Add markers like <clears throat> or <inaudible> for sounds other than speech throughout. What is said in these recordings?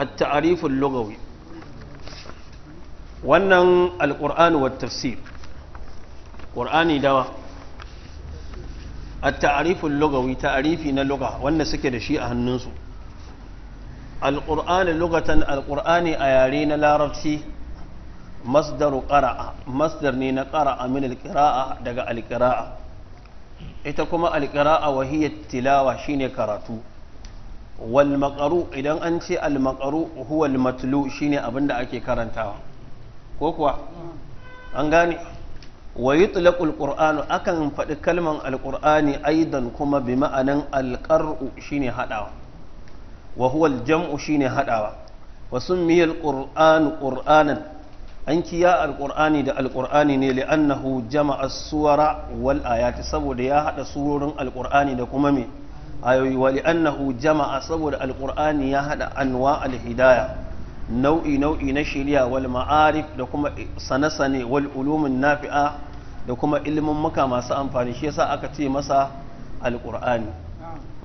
التعريف اللغوي wannan alƙur'ani wa tafsir ƙur'ani dawa a ta'arifin lugawi ta'arifi na luga wanda suke da shi a hannunsu alƙur'ani lugatan alƙur'ani a yare na larabci masdaru ƙara'a masdar ne na ƙara'a min alƙira'a daga alƙira'a ita kuma alƙira'a wahiyar tilawa shine karatu wal maqaru idan an ce al maqaru huwa al matlu shine abin da ake karantawa ko kuwa an gane wa yutlaqul qur'anu akan faɗi kalman Alƙur'ani aidan kuma bi ma'anan alqar'u shine hadawa wa huwa jamu shine hadawa wa summiya alqur'anu qur'anan an kiya alqur'ani da Alƙur'ani ne li'annahu jama'a suwara wal ayati saboda ya hada surorin Alƙur'ani da kuma me ayoyi wa li'annahu jama'a saboda alqur'ani ya hada anwa alhidaya nau'i nau'i na shari'a wal ma'arif da kuma sanasane wal ulumin nafi'a da kuma ilimin maka masu amfani shi yasa aka ce masa alqur'ani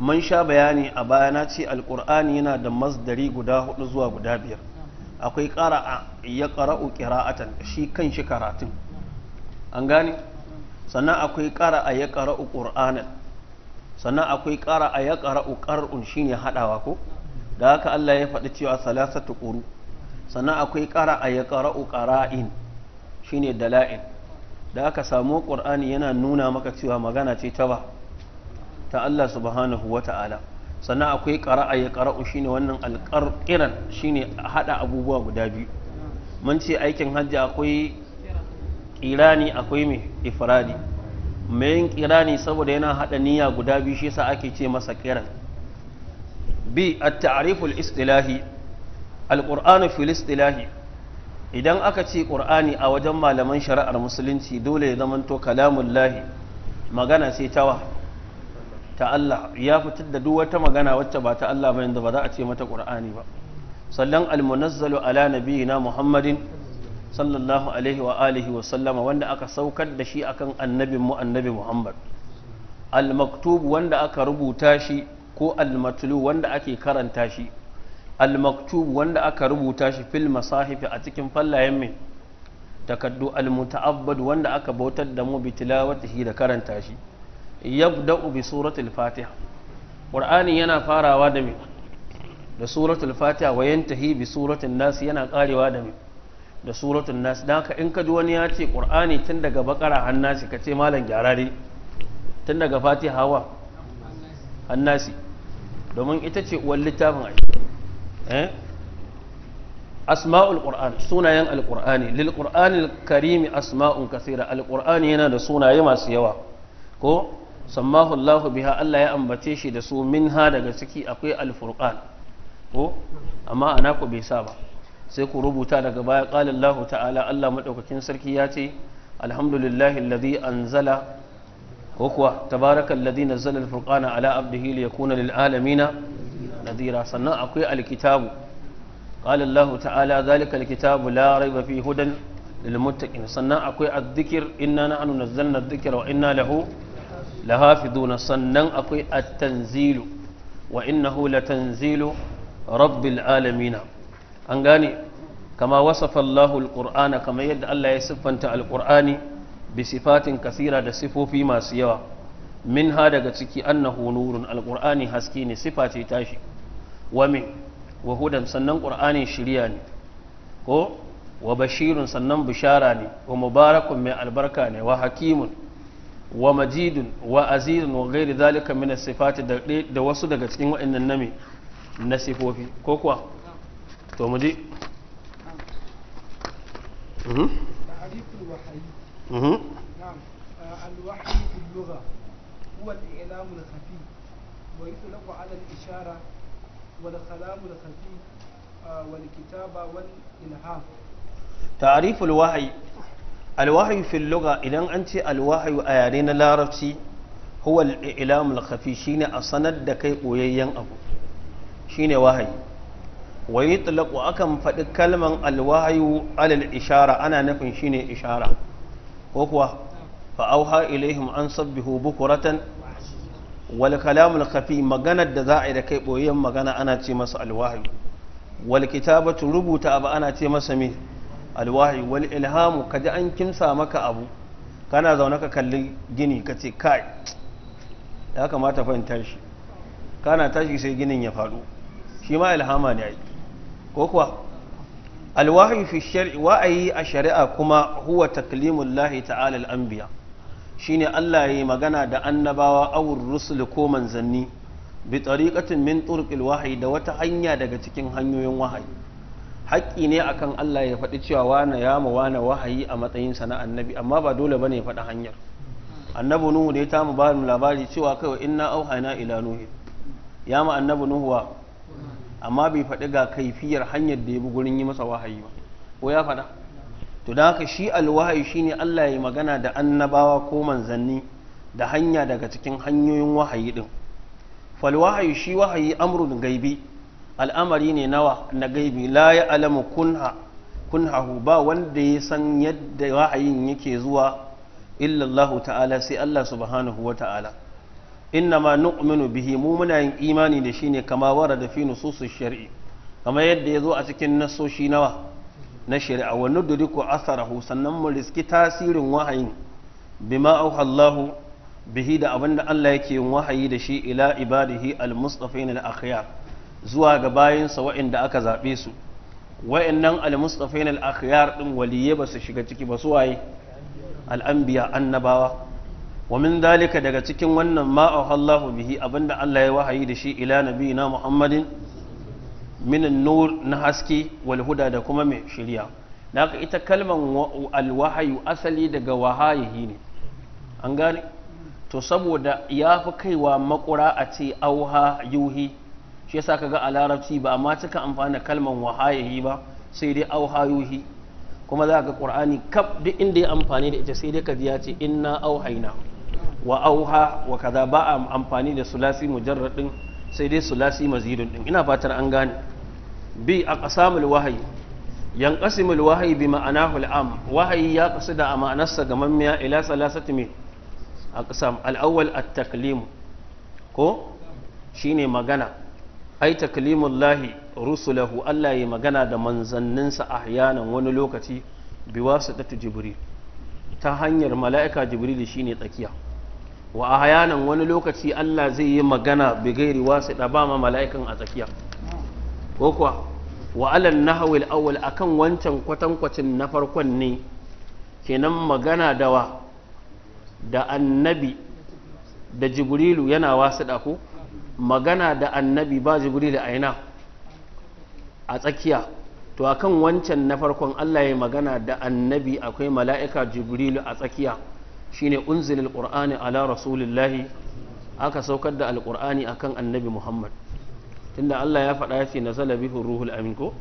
mun sha bayani a baya na ce alqur'ani yana da masdari guda hudu zuwa guda biyar akwai qara'a ya qara'u qira'atan shi kan shi karatun an gane sannan akwai qara'a ya qara'u qur'anan sannan akwai ƙara a ya ƙara ƙar'un shine haɗawa ko da haka Allah ya faɗi cewa ta ƙuru sannan akwai ƙara a ya ƙara ƙara'in shine dala'in da haka samu ƙur'ani yana nuna maka cewa magana ce ta ba ta Allah subhanahu wa ta'ala sannan akwai ƙara a ya ƙara'u shine wannan alƙarƙiran shine haɗa abubuwa guda biyu mun ce aikin hajji akwai ƙirani akwai mai ifiradi. mai yin kirani saboda yana haɗa niyya guda biyu shi sa ake ce masa kiran bi a tariful istilahi al filistilahi idan aka ce qur'ani a wajen malaman shari'ar musulunci dole ya zamanto kalamun lahi magana sai tawa ta Allah ya fitar da duk wata magana wacce ba ta Allah ba yanzu ba za a ce mata qur'ani ba sallan al-munazzalu ala nabiyina muhammadin sallallahu alaihi wa alihi wa sallama wanda aka saukar da shi akan annabin mu annabi Muhammad al-maktub wanda aka rubuta shi ko al-matlu wanda ake karanta shi al-maktub wanda aka rubuta shi fil masahifi a cikin fallayen mai takaddu al-muta'abbad wanda aka bautar da mu bi tilawatihi da karanta shi yabda'u bi suratul fatiha qur'ani yana farawa da mai da suratul fatiha wa yantahi bi suratul nas yana karewa da mai da suratun nasi. don haka in ka ji wani ya ce ƙur'ani tun daga bakara hannasi ka ce malam gyara ne tun daga fati hawa hannasi domin ita ce uwan littafin a eh? asma'ul ƙur'an sunayen alƙur'ani lilƙur'ani karimi asma'un kasira alƙur'ani yana da sunaye masu yawa ko sammahu Allah biha Allah ya ambace shi da su min ha daga ciki akwai alfurqan ko amma ana ku bai sa ba sai ku rubuta daga baya qala Allah ta'ala Allah maɗaukakin sarki ya ce alhamdulillahi alladhi anzala ko kuwa tabarakal ladhi nazzala al-furqana ala abdihi liyakuna lil alamina nadira sannan akwai alkitabu qala Allah ta'ala zalika alkitabu la raiba fi hudan lil sannan akwai adh-dhikr inna nahnu nazzalna na dhikra wa inna lahu lahafiduna sannan akwai at-tanzilu wa innahu latanzilu rabbil alamina an gane kama wasafa Allahu kamar yadda Allah ya siffanta alqur'ani bi sifatin kasira da sifofi masu yawa min ha daga ciki annahu nurun alqur'ani haske ne sifa ce tashi wa min wa hudan sannan qur'ani shiriya ne ko wa bashirun sannan bishara ne wa mubarakun mai albarka ne wa hakimun wa majidun wa azizun wa gairi zalika min sifati da wasu daga cikin waɗannan nami na sifofi ko kuwa to mu ji الوحي في اللغة هو الإعلام الخفي ويطلق على الإشارة والكلام الخفي والكتابة والإلهام تعريف الوحي الوحي في اللغة إذا أنت الوحي أيارين العربي هو الإعلام الخفي شين أصند دكي قويين أبو شين وحي wa yutlaqu akan faɗi kalman alwahayu alal ishara ana nufin shine ishara ko kuwa fa ha ilaihim an sabbi sabbihu bukuratan wal kalamul kafi maganar da za a yi da kai boyayyen magana ana ce masa alwahayu wal kitabatu rubuta abu ana ce masa me alwahayu wal ilhamu kaji an kimsa maka abu kana zaune ka kalli gini ka ce kai ya kamata fahimta shi kana tashi sai ginin ya faɗo shi ma ilhama ne ai ko kuwa alwahi fi shari'a wa'ayi a shari'a kuma huwa lahi ta'ala al'ambiya anbiya ne Allah ya yi magana da annabawa awur rusul ko manzanni bi tariqatin min turkil wahai da wata hanya daga cikin hanyoyin wahayi haƙƙi ne akan Allah ya faɗi cewa wane ya mu wane wahayi a matsayin sana annabi amma ba dole bane ya faɗi hanyar annabi nuhu da ya tamu ba labari cewa kai kawai inna auhana ila nuhu ya mu annabi nuhu wa amma bai faɗi ga kaifiyar hanyar da ya bi gurin yi masa wahayi ba ko ya faɗa to da haka shi alwahayi shine Allah ya yi magana da annabawa ko manzanni da hanya daga cikin hanyoyin wahayi din falwahayi shi wahayi amrun gaibi al'amari ne nawa na gaibi la ya alamu kunha kunhahu ba wanda ya san yadda wahayin yake zuwa illallahu ta'ala sai Allah subhanahu wa ta'ala inna ma nu'minu bihi mu muna yin imani da shi ne kama wara da fi nususu shari'i kama yadda ya zo a cikin nasoshi nawa na shari'a wa nudriku asarahu sannan mu riski tasirin wahayin bima auha Allahu bihi da abinda Allah yake yin wahayi da shi ila ibadihi al-mustafin al-akhyar zuwa ga bayinsa waɗanda aka zaɓe su waɗannan al-mustafin al-akhyar din waliyye ba su shiga ciki ba su waye al-anbiya annabawa wa min dalika daga cikin wannan ma bihi abinda Allah ya wahayi da shi ila nabiyina Muhammadin min nur na haske wal huda da kuma mai shirya naka ita kalman alwahayi asali daga wahayihi ne an gane to saboda ya fi kaiwa makura a ce auha yuhi shi yasa kaga a larabci ba amma cika amfani da kalman wahayihi ba sai dai auha yuhi kuma za ga qur'ani kaf duk inda ya amfani da ita sai dai ka ji ya ce inna auhaina wa auha wa kaza ba a amfani da sulasi mujarradin sai dai sulasi mazidun din ina fatar an gane bi a qasamul wahayi yanqasimul wahayi bi ma'anahu al'am wahayi ya kasu da ma'anarsa ga mammiya ila salasati mi aqsam al-awwal at-taklim ko shine magana ai taklimullahi rusulahu Allah ya magana da manzanninsa ahyanan wani lokaci biwasitatu jibril ta hanyar mala'ika jibril shine tsakiya wa a nan wani lokaci Allah zai yi magana bi gairi da ba ma mala'ikan a tsakiya ko kuwa wa alal nahwil awwal akan wancan kwatankwacin na farkon ne kenan magana da wa da annabi da jibrilu yana wasu da ko magana da annabi ba jibrilu a yana a tsakiya to akan wancan na farkon Allah ya magana da annabi akwai mala'ika jibrilu a tsakiya shine unzilil qur'ani ala rasulillahi aka saukar da alqur'ani akan annabi muhammad tunda Allah ya faɗa ya ce nazala bihi ruhul amin ko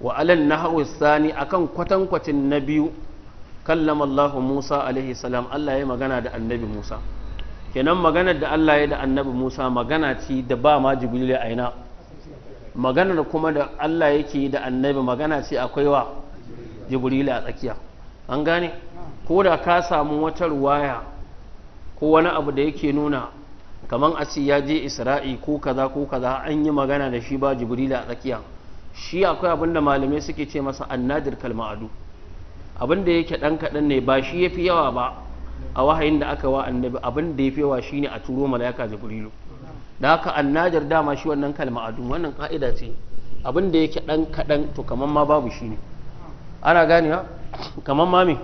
wa alal nahwi sani akan kwatankwacin na biyu kallama Allah Musa alaihi salam Allah ya magana da annabi Musa kenan maganar da Allah ya da annabi Musa magana ce da ba ma jibril a ina maganar kuma da Allah yake da annabi magana ce akwai wa jibril a tsakiya an gane ko da ka samu wata ruwaya ko wani abu da yake nuna kamar a ya je isra'i ko kaza ko kaza an yi magana da shi ba jibrila a tsakiya shi akwai abin da malamai suke ce masa annadir kalma'adu abin da yake dan kaɗan ne ba shi ya fi yawa ba a wahayin da aka wa annabi abin da ya fi yawa shine a turo malaika jibrilu da haka annajar dama shi wannan kalma'adu wannan ka'ida ce abin da yake dan kaɗan to kamar ma babu shi ne ana ganewa kamar ma me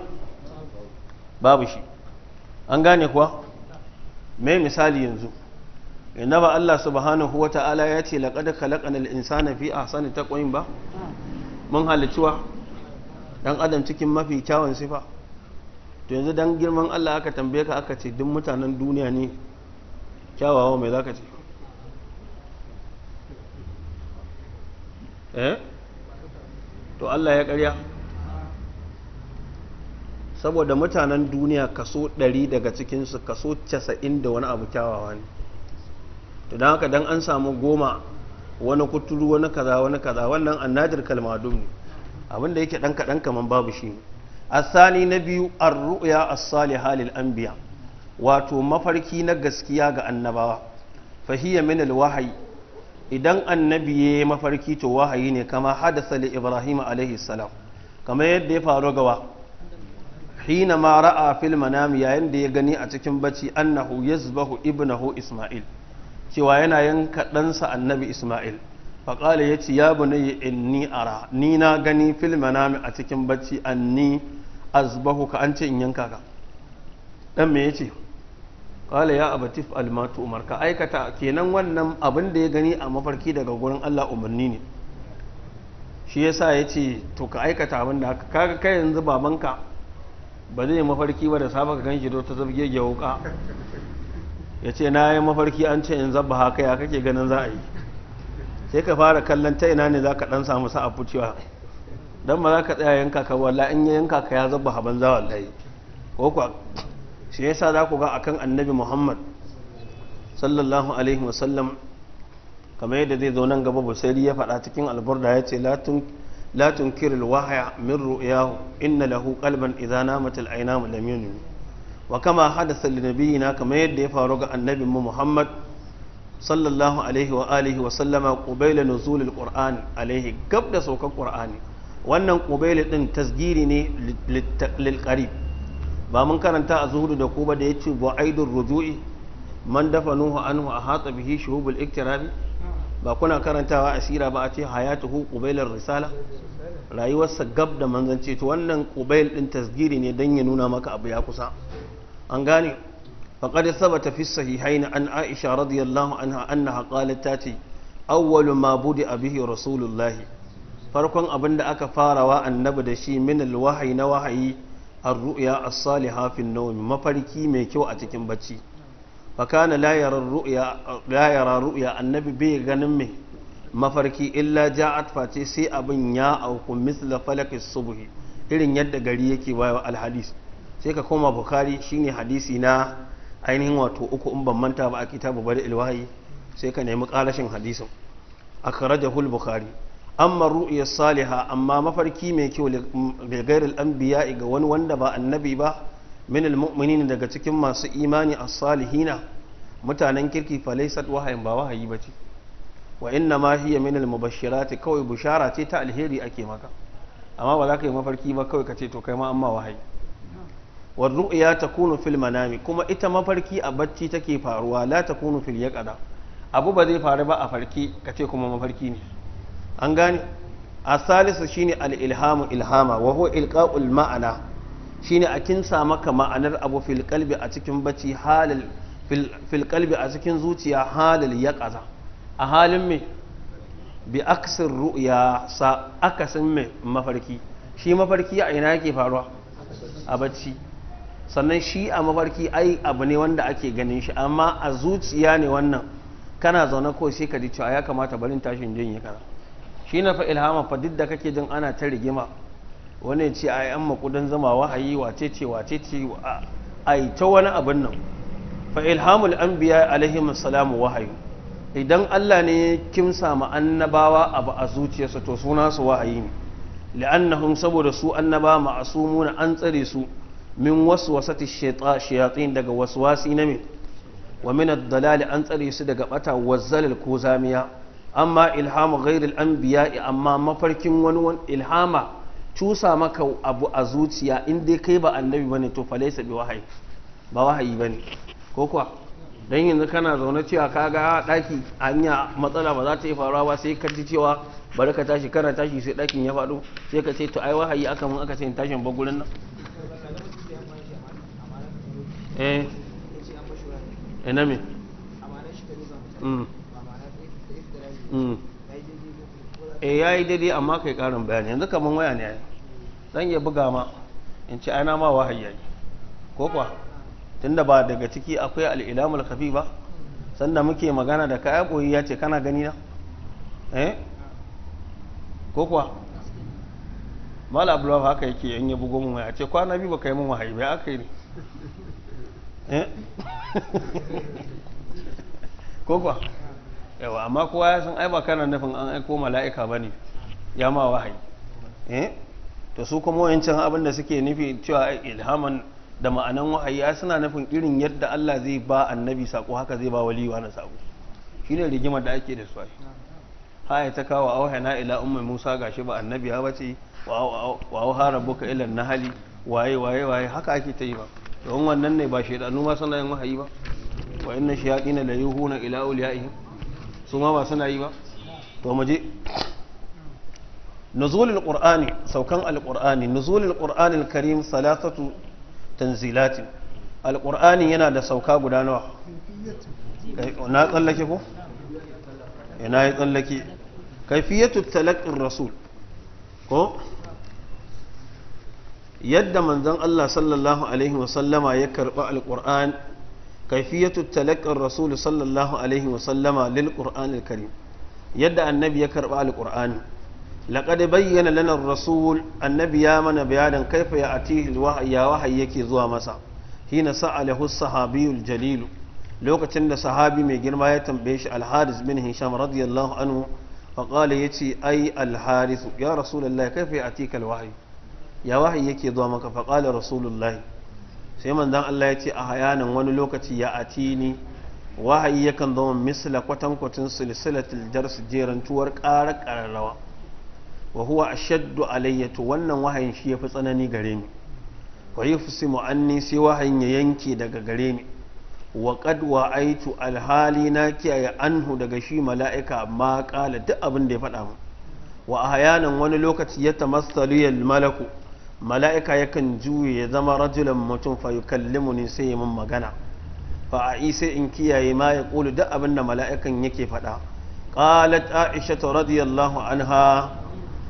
babu shi an gane kuwa mai misali yanzu ba Allah subhanahu wa ta'ala ya ce laqad khalaqnal insana fi a ta ƙoyin ba mun halittuwa ɗan adam cikin mafi kyawun sifa to yanzu don girman Allah aka tambaye ka aka ce duk mutanen duniya ne kyawawa mai ka ce eh? to Allah ya karya saboda mutanen duniya kaso 100 daga cikinsu kaso 90 da wani abu kyawawa ne to don haka don an samu goma wani kuturu wani kaza wani kaza wannan annadir kalmadu ne abin yake dan kaɗan kaman babu shi ne asani na biyu an ruya as halil an biya. wato mafarki na gaskiya ga annabawa fahiya min al idan annabi ya mafarki to wahayi ne kama hadasa li ibrahim alaihi salam kamar yadda ya faru gawa hina ma ra'a fil manami yayin da ya gani a cikin bacci annahu yazbahu ibnahu isma'il cewa yana yanka dansa annabi isma'il faƙala ya ce ya bunayya inni ara ni na gani fil manami a cikin bacci anni azbahu ka an ce in yanka ka dan me yace qala ya abatif almatu umar ka aikata kenan wannan abin da ya gani a mafarki daga gurin Allah umarni ne shi yasa yace to ka aikata abin da kaga kai yanzu babanka ba zai mafarki ba da safa ka ganshi don ta zabge ya wuka ya ce na yi mafarki an ce in zabba haka ya kake ganin za a yi sai ka fara kallon ta ina ne za ka ɗan samu sa'a cewa don ba za ka tsaya yanka ka walla in ya yanka ka ya zabba haban za layi ko kuwa shi sa za ku ga kan annabi muhammad sallallahu alaihi wasallam kamar yadda zai zo nan gaba busari ya faɗa cikin alburda ya ce latin. la tunkiril wahaya min ru'yahu inna lahu kalban idza namat al aynam lam yunmi wa kama hadatha li nabiyina kama yadda ya faru ga annabin mu Muhammad sallallahu alaihi wa alihi wa sallama qubayla nuzul alaihi gab da saukar qur'ani wannan qubayla din tasgiri ne lil qarib ba mun karanta a zuhudu da ku ba da yace bu'aidur ruju'i man dafanuhu anhu a hatsa bihi shuhubul iktirabi ba kuna karantawa asira ba a ce hayatuhu ƙubailar risala rayuwarsa gab da manzanci to wannan ƙubail ɗin tasgiri ne don ya nuna maka abu ya kusa an gane saba ta fi sahihain an aisha radiyallahu anha haƙalar ta ce, awwalu ma a bihi rasulullah farkon abin da aka farawa annabi da shi min wahai na wahayi ar-ru'ya as-salihah fi an-nawm mafarki mai kyau a cikin bacci fakana la yara ru'ya annabi bai ganin mai mafarki illa ja'at face sai abin ya auku misla falakis subhi irin yadda gari yake bayo alhadis sai ka koma bukari shine hadisi na ainihin wato uku in ban manta ba a kitabu bari ilwahi sai ka nemi karashin hadisin akhrajahu al-bukhari amma ru'ya saliha amma mafarki mai kyau bil ghairil anbiya ga wani wanda ba annabi ba من المؤمنين daga cikin masu imani as-salihina mutanen kirki laysat wahayin ba wahayi bace wa inna ma hiya min almubashshirati kawai bushara ce ta alheri ake maka amma ba za ka yi mafarki ba kawai ka ce to kai ma amma wahayi wa ru'ya takunu fil manami kuma ita mafarki a bacci take faruwa la takunu fil yaqada abu ba zai faru ba a farki kace kuma mafarki ne an gane a salisu shine al ilhamu ilhama wa huwa ilqa'ul ma'ana shine a kinsa maka ma'anar abu fil a cikin bacci halal fil a cikin zuciya halal ya kaza a halin mai bi aksin ru'ya sa akasin mai mafarki shi mafarki a ina yake faruwa a bacci sannan shi a mafarki ai abu ne wanda ake ganin shi amma a zuciya ne wannan kana zaune ko sai ka ji cewa ya kamata barin tashin jin ya kana shi na fa ilhama fa duk da kake jin ana ta rigima wani ya ce yi an makudan zama wahayi wace ce wace ce ai ta wani abin nan fa ilhamul anbiya alaihim salamu wahayi idan Allah ne kimsa ma annabawa abu a zuciyarsa to suna su wahayi ne li'annahum saboda su annaba ma'asumuna an tsare su min wasu ta shayatin daga wasu wasi na min wa min dalali an tsare su daga bata wazzalal ko zamiya amma ilhamu ghairil anbiya amma mafarkin wani ilhama cusa maka abu a zuciya in dai kai ba annabi ba ne to laisa bi wahayi ba wahayi ba ne ko kuwa don yanzu kana zaune cewa ka a daki hanya matsala ba za ta yi faruwa ba sai ka ji cewa bari ka tashi kana tashi sai dakin ya faɗo sai ka ce to ai wahayi aka mun aka ce tashin ba gurin nan eh ina eh, me mm. Mm. eh yayi daidai amma kai karin bayani yanzu kamar waya ne zan iya buga ma in ci aina ma wahayi ne ko kuwa tunda ba daga ciki akwai al'ilamul kafi ba sanda muke magana da kaya koyi ya ce kana gani na eh ko kuwa mala abdullahi haka yake in ya bugo mu ya ce kwana biyu baka yi mun wahayi bai aka yi ne eh <laughs> ko kuwa yawa amma kowa ya san ai ba kana nufin an aiko mala'ika ba ne ya ma wahayi eh to su kuma wayancin abin da suke nufi cewa ilhaman da ma'anan wa'ayya suna nufin irin yadda Allah zai ba annabi sako haka zai ba waliwa na sako shine rigimar da ake da su haya ta kawo na ila ummi Musa gashi ba annabi ya bace wa auha rabbuka ila nahali waye waye waye haka ake ta yi ba don wannan ne ba shedanu ma suna yin wahayi ba wa inna shayatin la yuhuna ila awliyaihim su ma ba suna yi ba to mu je نزول القرآن سوكان القرآن نزول القرآن الكريم ثلاثة تنزيلات القرآن ينا دا سوكا غدانا نا تسلكي كو ina ya tsallake kaifiyatu talaqqir rasul ko yadda manzon Allah sallallahu alaihi wa sallama ya karba alquran kaifiyatu talaqqir rasul sallallahu alaihi sallama lil qur'anil karim yadda annabi ya karba alqur'ani laqad bayyana lanar rasul annabi ya mana bayanin kaifa a atihi ya wahayi yake zuwa masa hina sa'alahu sahabiyul jalilu lokacin da sahabi mai girma ya tambaye shi al bin hisham radiyallahu anhu fa qala yace ai al ya rasulullah kaifa ya atika al ya wahayi yake zuwa maka fa qala rasulullah sai manzon Allah ya ce a hayanan wani lokaci ya atini wahayi yakan zama misla kwatankwacin silsilatul dars jerantuwar ƙarar ƙararrawa wa huwa ashaddu alayya wannan wahayin shi yafi tsanani gare ni wa yafsimu anni sai wahayin ya yanke daga gare ni wa qad wa'aitu alhali na kiyaye anhu daga shi mala'ika ma qala duk abin da ya faɗa mu wa ahyanan wani lokaci ya tamassalu al malaku mala'ika yakan juye ya zama rajulan mutum fa yukallimuni sai ya mun magana fa a isa in kiyaye ma ya kulu duk abin da mala'ikan yake faɗa qalat aisha radiyallahu anha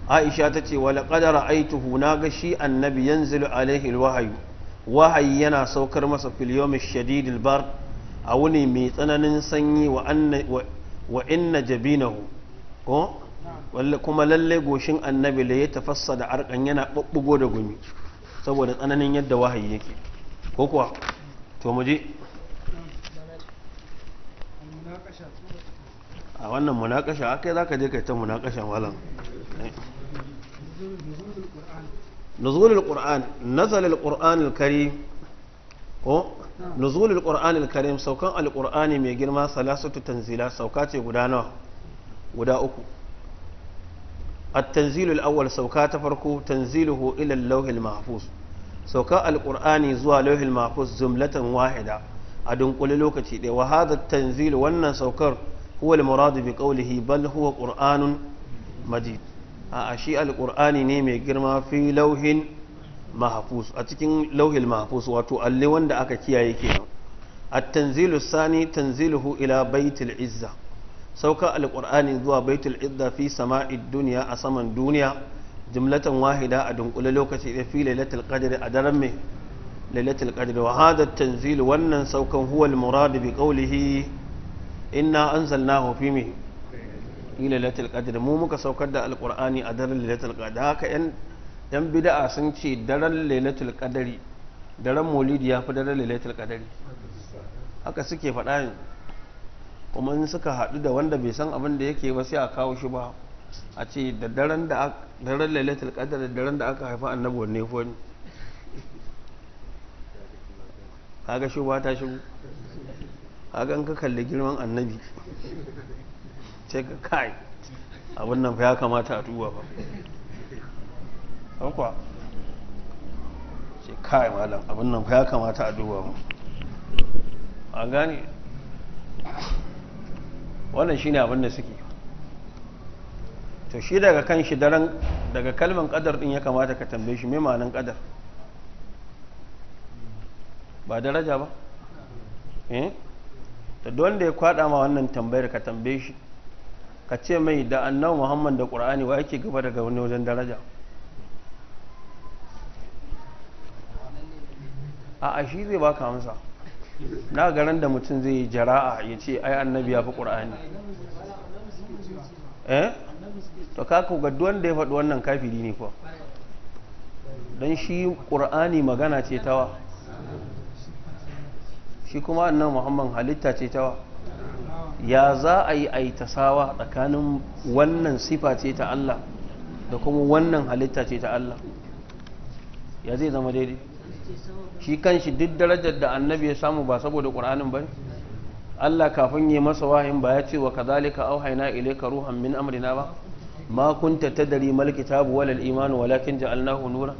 aisha ta ce wala qadara aituhu na ga shi annabi yanzilu alaihi alwahyu wahayi yana saukar masa fil yawmi shadidil bar a wuni mai tsananin sanyi wa anna jabi inna jabinahu ko kuma lalle goshin annabi da ya tafassa da arkan yana ɓaɓɓugo da gumi saboda tsananin yadda wahayi yake ko kuwa to mu je a wannan munakasha akai ka je yi ta munakasha malam eh. نزول القرآن نزل القرآن الكريم ko nuzulul qur'anil karim saukan alqur'ani mai girma salasatu tanzila sauka ce guda nawa guda uku at tanzilul al-awwal sauka ta farko tanziluhu ila al-lawhil mahfuz sauka alqur'ani zuwa lawhil mahfuz jumlatan wahida a dunkule lokaci ɗaya wa hadha tanzilu wannan saukar huwa al-murad bi qawlihi bal huwa qur'anun majid a shi alƙur'ani ne mai girma fi lauhin mahafus a cikin lauhin mahafus wato alli wanda aka kiyaye kenan at-tanzilu sani tanziluhu ila baitul izza sauka alƙur'ani zuwa baitul izza fi sama'id duniya a saman duniya jumlatan wahida a dunkule lokaci da fi lailatul qadri a daren me lailatul qadri wa hada tanzilu wannan saukan huwa al-murad bi qawlihi inna anzalnahu fi mai fi lailatul qadr mu muka saukar da alqur'ani a daren lailatul qadr haka yan yan bid'a sun ce daren lailatul qadri daren maulidi ya fi daren lailatul qadri haka suke faɗa yanzu kuma in suka haɗu da wanda bai san abin da yake ba sai a kawo shi ba a ce da daren da daren lailatul qadr da daren da aka haifa annabi wanne fa ni kaga shi ba ta shigo kaga an ka kalli girman annabi sai ka kai abin nan ya kamata a duba ba ɗaukwa sai kai malam abin nan ya kamata a duba ba a gane wannan shi ne abin da suke to shi daga kan shi daren daga kalmin kadar din ya kamata ka tambaye shi mai ma'anin kadar ba daraja ba eh to don da ya kwada ma wannan tambayar ka tambaye shi ka ce mai da annabi muhammad da qur'ani wa yake gaba daga wani wajen daraja a ashi shi zai baka amsa na garan da mutum zai yi jara'a ya ce ai annabi ya fi qur'ani eh to kaka gaddu wanda ya faɗi wannan kafiri ne kuwa don shi ƙura'ani magana ce tawa shi kuma annan muhammad halitta ce tawa ya za a yi a tasawa tsakanin wannan sifa ce ta Allah da kuma wannan halitta ce ta Allah ya zai zama daidai shi kan shi duk darajar da annabi ya samu ba saboda ƙur'anin ba Allah kafin yi masa wahin ba ya ce wa kazalika ile ka ruhan min amrina ba ma ta tadri mal kitabu walal imanu walakin ja'alnahu nura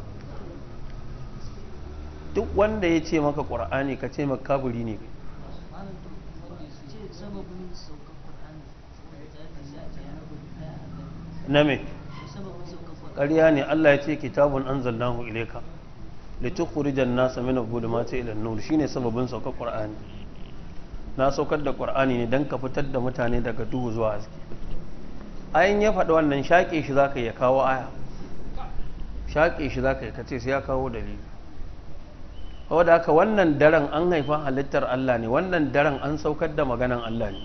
duk wanda ya ce maka ƙur'ani ka ce maka kaburi ne na me ƙarya ne Allah ya ce kitabun da ilayka litukhrijan nasa min adh mace ilan nuru shi shine sababin saukar Qur'ani na saukar da Qur'ani ne don ka fitar da mutane daga duhu zuwa haske ayin ya faɗi wannan shaƙe shi ka ya kawo aya shaƙe shi ka kace sai ya kawo dalili wadda haka wannan daren an haifa halittar Allah ne wannan daren an saukar da maganan Allah ne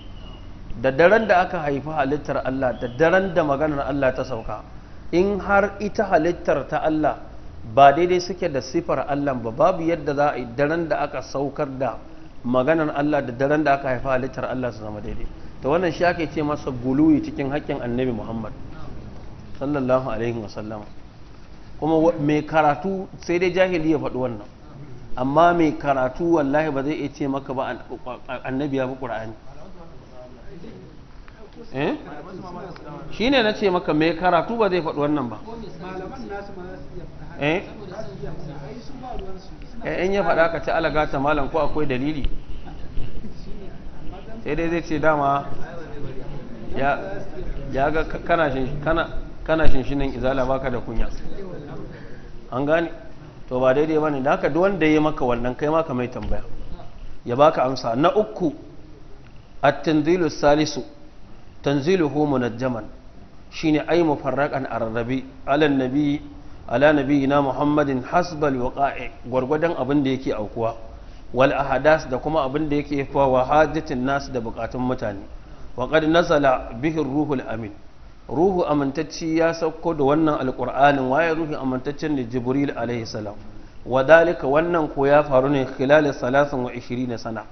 da daren da aka haifa halittar Allah da daren da maganar Allah ta sauka in har ita halittar ta Allah ba daidai suke da sifar Allah ba babu yadda za a yi daren da aka saukar da maganar Allah da daren da aka haifa halittar Allah su zama daidai ta wannan shi ake ce masa guluyi cikin haƙƙin annabi Muhammad sallallahu alaihi wasallam kuma mai karatu sai dai jahili ya faɗi wannan amma mai karatu wallahi ba zai iya ce maka ba annabi ya fi ƙura'ani eh? shi ne na ce maka mai karatu ba zai faɗi wannan ba eh? Eh, ya faɗa ka ci alaga ta malam ko akwai dalili sai dai zai ce dama ya ga kana shinshinin izala baka da kunya an gane to ba daidai ba ne da haka duwan wanda ya maka wannan kai maka mai tambaya ya baka amsa na uku a tanzilu salisu tanzilu na tanziluhu munajjaman shine ay a arrabi ala nabi ala nabiyina muhammadin hasbal ƙa'i gwargwadon abin da yake aukuwa wal ahadas da kuma abin da yake fawa hajjatin nasu da bukatun mutane wa qad nazala ruhul amin ruhu amintacci ya sauko da wannan alƙur'anin waye ruhu amintaccen da jibril alaihi salam wa dalika wannan ko ya faru ne khilal salasin wa na sana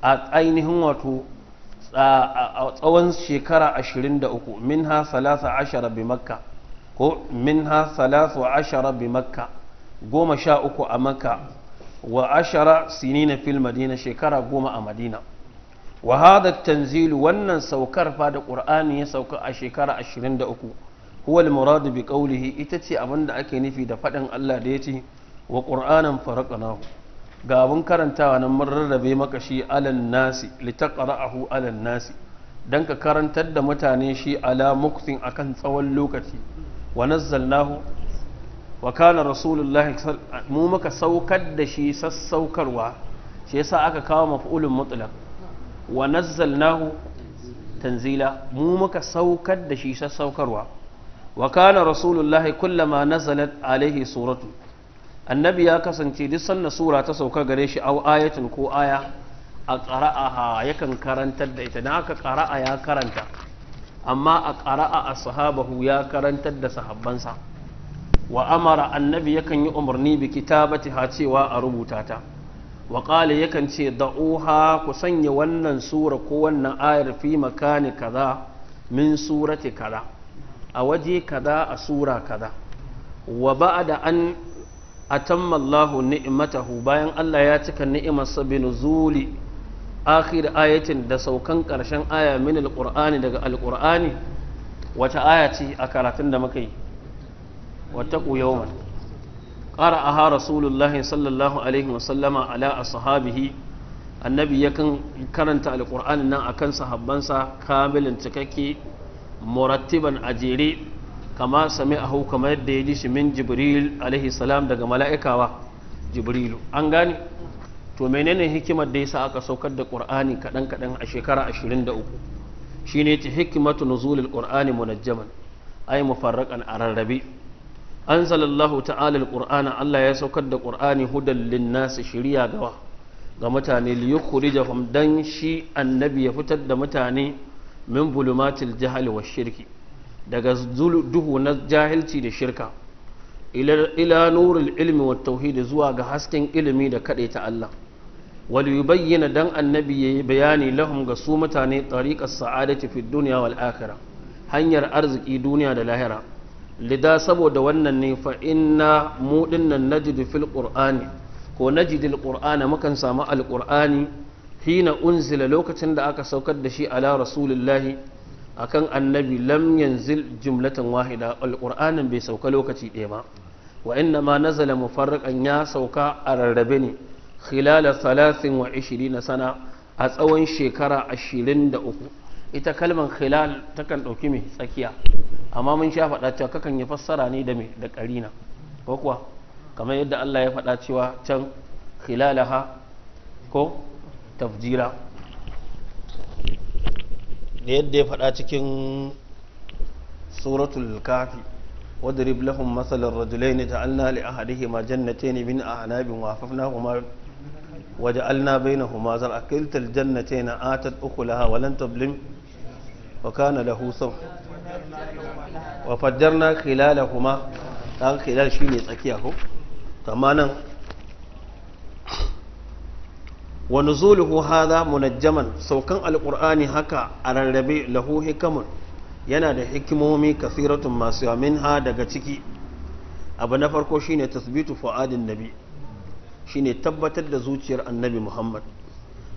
a ainihin wato tsawon shekara ashirin da uku min ha salasa ashara bi makka ko min ha salasa ashara bi makka goma sha uku a makka wa ashara sinina fil madina shekara goma a madina wa hadha tanzil wannan saukar fa da qur'ani ya sauka a shekara 23 huwa al-murad bi qawlihi ita ce abin da ake nufi da fadin Allah da ya ci wa qur'anan faraqnahu ga abun karantawa nan mun rarrabe maka shi alan nasi litaqra'ahu alan nasi dan ka karantar da mutane shi ala muktin akan tsawon lokaci wa nazzalnahu wa kana rasulullahi mu maka saukar da shi sassaukarwa shi yasa aka kawo maf'ulun mutlaq wa nazzalnahu tanzila mu muka saukar da shi saukarwa wa kana rasulullahi kullama nazalat alaihi suratu annabi ya kasance duk sanna sura ta sauka gare shi au ayatin ko aya a qara'aha yakan karantar da ita dan haka qara'a ya karanta amma a qara'a ashabahu ya karantar da sahabbansa wa amara annabi yakan yi umarni bi kitabati ha cewa a rubuta ta waƙali yakan ce da'uha ku sanya wannan sura ko wannan ayar fi makani kaza min surati kaza a waje kaza a sura kaza wa ba'da an atamma Allahu ni'matahu bayan Allah ya cika ni'imar bi nuzuli akhir ayatin da saukan ƙarshen aya min alƙur'ani daga alƙur'ani wata aya a karatun da muka yi wata yawman qara'aha rasulullahi sallallahu alaihi wa sallama ala ashabihi annabi yakan karanta alqur'ani nan akan sahabbansa kamilin cikakke murattiban ajere kama sami'ahu kamar yadda ya ji shi min jibril alaihi salam daga mala'ikawa Jibril an gane to menene hikimar da yasa aka saukar da qur'ani kadan kadan a shekara 23 shine ta hikimatu nuzulil qur'ani munajjaman ay mufarraqan rarrabe. an anzalallahu ta'ala alqur'ana Allah ya saukar da qur'ani hudan linnasi shiriya gawa ga mutane li yukhrijahum dan shi annabi ya fitar da mutane min bulumatil jahali wa shirki daga duhu na jahilci da shirka ila nurul ilmi wa tauhidi zuwa ga hasken ilimi da ta Allah wal yubayyana dan annabi yi bayani lahum ga su mutane tariqas sa'adati fid dunya wal akhirah hanyar arziki duniya da lahira lida saboda wannan ne fa inna mu dinnan najidu fil qur'ani ko najidil qur'ana mukan samu alqur'ani hina unzila lokacin da aka saukar da shi ala rasulillahi akan annabi lam yanzil jumlatan wahida Alƙur'ani bai sauka lokaci ɗaya ba wa inna ma nazala mufarraqan ya sauka a rarrabe ne khilala 23 sana a tsawon shekara 23 ita kalmar khilal takan ɗauki mai tsakiya amma mun sha faɗa cewa kakan yi fassara ne da mai da ƙarina ko kuwa kamar yadda Allah ya faɗa cewa can khilalaha ko tafjira da yadda ya faɗa cikin suratul kafi wadrib lahum masalan rajulaini ja'alna li ahadihima jannatayn min a'nabin wa hafafnahuma وجعلنا بينهما زرعا كلتا الجنتين آتت أكلها ولن تظلم wa kana lahu saw wa fajjarna khilalahuma dan khilal shine tsakiya ko amma nan wa nuzuluhu hadha munajjaman saukan alqur'ani haka a rarrabe lahu hikamun yana da hikimomi kasiratun masu yamin daga ciki abu na farko shine tasbitu fu'adin nabi shine tabbatar da zuciyar annabi muhammad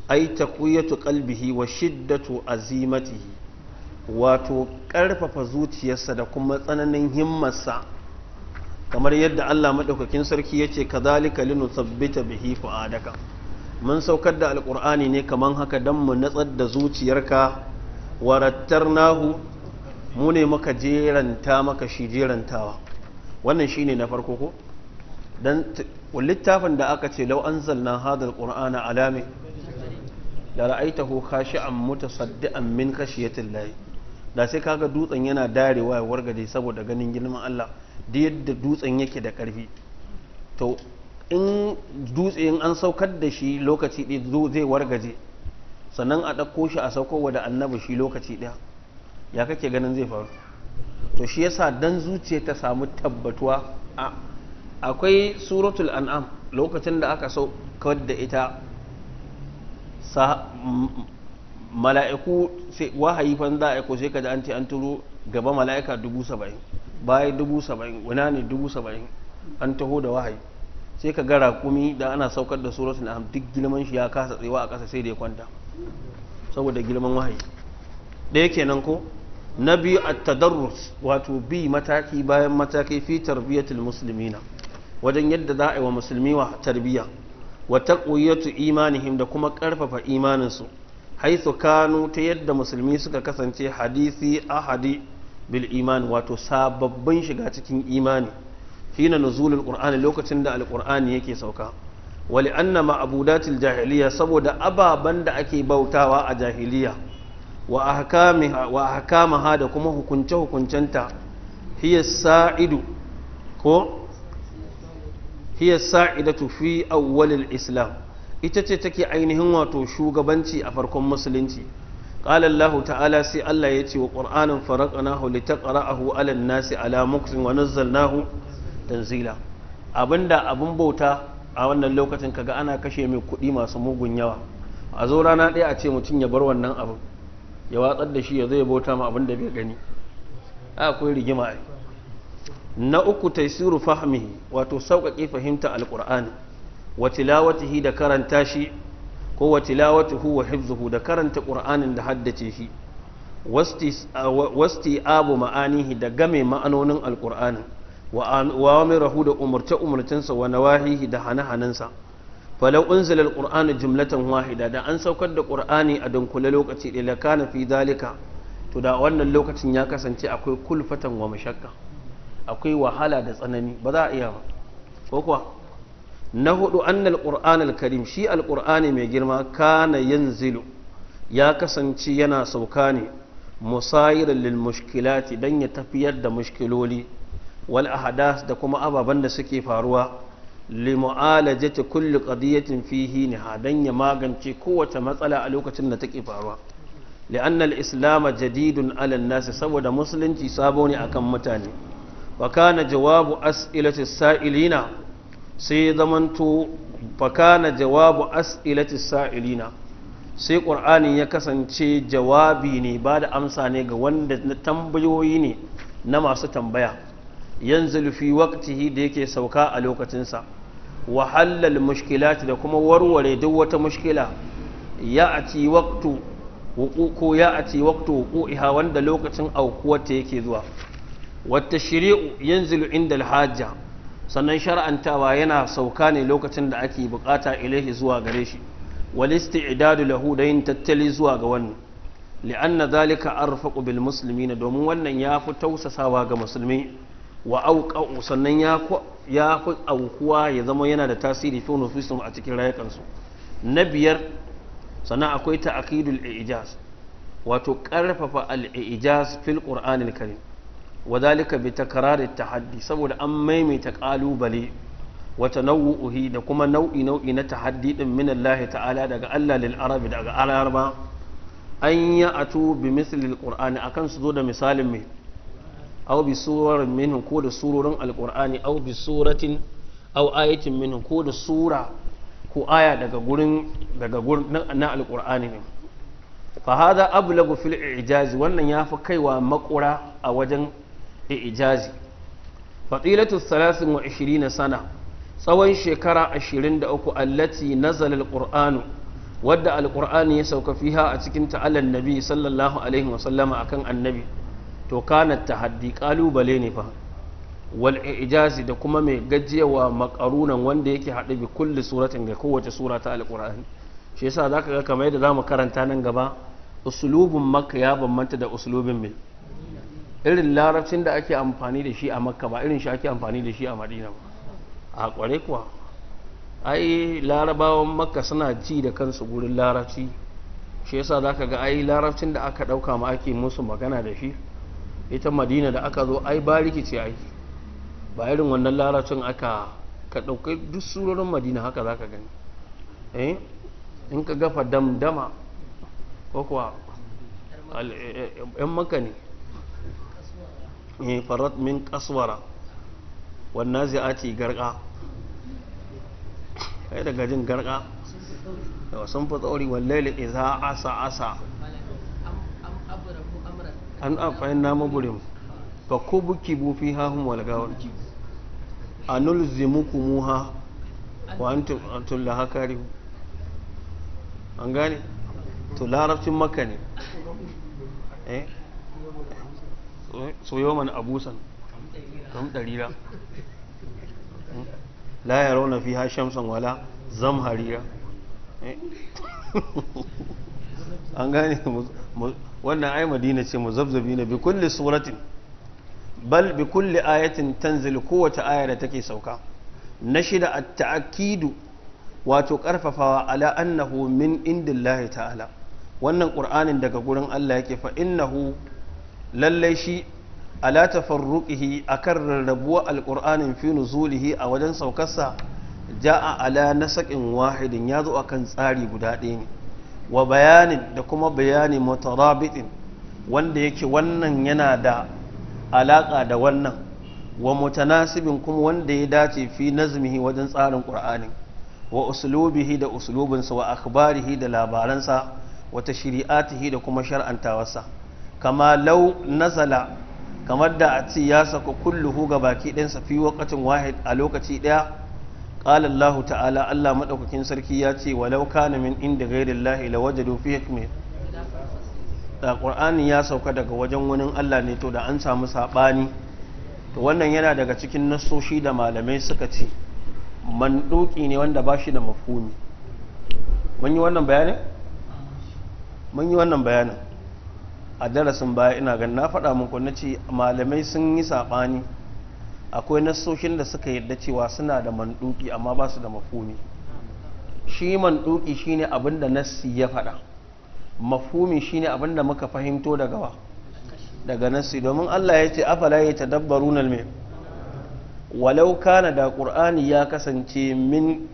ai taqwiyatu qalbihi wa shiddatu azimatihi wato ƙarfafa zuciyarsa da kuma tsananin himmarsa kamar yadda Allah maɗaukakin sarki ya ce ka kadhalika linusabbita bihi fu'adaka mun saukar da alƙur'ani ne kamar haka don mu natsar da zuciyarka nahu mu ne maka jeranta maka shi jerantawa wannan shine na farko ko don littafin da aka ce lau zalna hadal alƙur'ana alame da an mutu mutasaddian min kashi ya tillaye da sai kaga dutsen yana darewa ya wargaje saboda ganin girman Allah da yadda dutsen yake da karfi to in dutse in an saukar da shi lokaci ɗaya zai wargaje sannan a ɗauko shi a saukowa da annabi shi lokaci ɗaya ya kake ganin zai faru to shi yasa dan zuciya ta samu tabbatuwa a akwai suratul an'am lokacin da aka saukar da ita sa. mala'iku wahayi fan za a sai ka da an ce an turo gaba mala'ika dubu saba'in bayan dubu saba'in wana ne dubu saba'in an taho da wahayi sai ka gara kumi da ana saukar da suratun na duk girman shi ya kasa tsewa a ƙasa sai da ya kwanta saboda girman wahayi ɗaya kenan ko na biyu a tadarrus wato bi mataki bayan mataki fi tarbiyyatul musulmina wajen yadda za a yi wa musulmi wa tarbiyya wa taƙoyyatu imanihim da kuma ƙarfafa imaninsu haisu kanu ta yadda musulmi suka kasance hadisi ahadi bil wato sababbin shiga cikin imani hina nuzulul qur'ani lokacin da alqur'ani yake sauka wali anna ma'budatil jahiliya saboda ababan da ake bautawa a jahiliya wa ahkamiha wa ahkamaha da kuma hukunce hukuncenta hiya sa'idu ko hiya sa'idatu fi awwalil islam ita ce take ainihin wato shugabanci a farkon musulunci ta'ala sai allah قال الله تعالى سي الله يتي وقرآن فرقناه لتقرأه على الناس على مكس ونزلناه تنزيلا abinda abin bauta a wannan lokacin kaga ana kashe mai kuɗi masu mugun yawa a zo rana ɗaya a ce mutum ya bar wannan abin ya watsar da shi ya zai bauta ma abin da bai gani a akwai rigima na uku ta taisiru fahimi wato sauƙaƙe fahimta alƙur'ani wa tilawatihi da karanta shi ko wa tilawatuhu wa hifzuhu da karanta qur'anin da haddace shi wasti abu ma'anihi da game ma'anonin alqur'anin wa amirahu da umurce umurcinsa wa nawahihi da hane-hanensa falau unzila alqur'anu jumlatan wahida da an saukar da qur'ani a dunkule lokaci da lakana fi dalika to da wannan lokacin ya kasance akwai kulfatan wa mashakka akwai wahala da tsanani ba za a iya ba ko kuwa na hudu annal qur'an karim shi Alƙur'ani mai girma kana zilu ya kasance yana sauka ne musayirar lil mushkilati dan ya tafiyar da mushkiloli wal ahadas da kuma ababen da suke faruwa li mu'alajati kulli qadiyatin fihi niha dan ya magance kowace matsala a lokacin da take faruwa لأن الإسلام جديد على الناس سود مسلم تسابوني أكم متاني وكان جواب أسئلة السائلين sai ya zamanto fakana jawabu as'ilati sa'ilina sai ƙur'ani ya kasance jawabi ne ba da amsa ne ga wanda tambayoyi ne na masu tambaya yanzu zulfi waktihi da yake sauka a lokacinsa wa halal mushkilati da kuma warware duk wata mushkila ya a ci waktu ko ya a ci waktu hukuku iha wanda lokacin aukuwar ta yake zuwa wata shiri'u yanzu inda alhajja sannan shar'antawa yana sauka ne lokacin da ake bukata ilahi zuwa gare shi walisti idadu lahu da yin tattali zuwa ga wannan li'anna zalika arfaqu bil muslimina domin wannan ya fi tausasawa ga musulmi wa auqa'u sannan ya fi aukuwa ya zama yana da tasiri fi nufusun a cikin rayukansu na biyar sannan akwai ta'akidul ijaz wato karfafa al ijaz fil qur'anil karim wa zalika bi takrari tahaddi saboda an maimaita kalubale wa tanawwuhi da kuma nau'i na tahaddi ɗin min ta'ala daga Allah lil arabi daga alarba an ya atu bi misli alqur'ani akan su zo da misalin mai aw bi suratin minhu ko da surorin alqur'ani aw bi suratin aw ayatin minhu ko da sura ko aya daga gurin daga gurin na alqur'ani ne fa hada ablagu fil i'jaz wannan yafi kaiwa makura a wajen ijazi fadilatu salasin wa ishirina sana tsawon shekara ashirin da uku allati nazal alƙur'anu wadda alƙur'ani ya sauka fiha a cikin ta'alan nabi sallallahu alaihi wasallama akan annabi to kana tahaddi kalubale ne fa wal ijazi da kuma mai gajiyawa makarunan wanda yake haɗe bi kulli suratin ga kowace sura ta alƙur'ani shi yasa zaka ga kamar yadda zamu karanta nan gaba usulubin makka ya bambanta da usulubin mai irin larabcin da ake amfani da shi a makka ba irin shi ake amfani da shi a madina ba a kware kuwa ai larabawan makka suna ji da kansu gurin larabci shi yasa za ka ga ai larabcin da aka ɗauka ma ake musu magana da shi ita madina da aka zo ai ba rikici ai ba irin wannan larabcin aka ka ɗauki duk surorin madina haka za ka gani eh in ka gafa damdama ko kuwa eh, eh, yan makka ne farat min kaswara wannan zai garka kai daga jin garka da sun fatsauri tsauri wallaili iza asa asa an amfani na maburin ba ko buki bufi hahun walgawar a nulzimu ha wa antum haka karihu an gane to larabcin maka ne eh soyoman abusan kam ɗarira la ya rauna fi ha shamsan wala harira an gane wannan ai madina ce mu zabzabi na bi kulli suratin bal bi kulli ayatin tanzil kowace aya da take sauka na shida a ta'akidu wato karfafawa ala annahu min indillahi ta'ala wannan qur'anin daga gurin Allah yake fa innahu lallai shi ala tafarruqihi akan rarrabuwa alqur'anin fi nuzulihi a wajen saukarsa ja'a ala nasaqin wahidin ya zo akan tsari guda ɗaya ne wa bayanin da kuma bayani mutarabitin wanda yake wannan yana da alaka da wannan wa mutanasibin kuma wanda ya dace fi nazmihi wajen tsarin qur'anin wa uslubihi da uslubinsa wa akhbarihi da labaransa wa tashri'atihi da kuma shar'antawarsa kama lau nazala kamar da a ce ya saka kulluhu ga baki ɗinsa fi wakatin wahid a lokaci ɗaya قال الله تعالى الله مدوكين سركي ياتي wa min inda gairi lahi la waje dofi حكمه da qur'ani ya sauka daga wajen wani Allah ne to da an samu saɓani to wannan yana daga cikin nasoshi da malamai suka ce ɗoki ne wanda ba shi da mafhumi mun yi wannan bayanin a darasin baya ina gan na faɗa muku na ce malamai sun yi saɓani akwai nassoshin da suka yarda cewa suna da manduki amma ba su da mafumi shi manduki shine abin da nassi ya faɗa mafumi shine abin da muka fahimto daga ba daga nassi domin Allah ya ce afala ya dabbaru na mai walau kana da ƙur'ani ya kasance min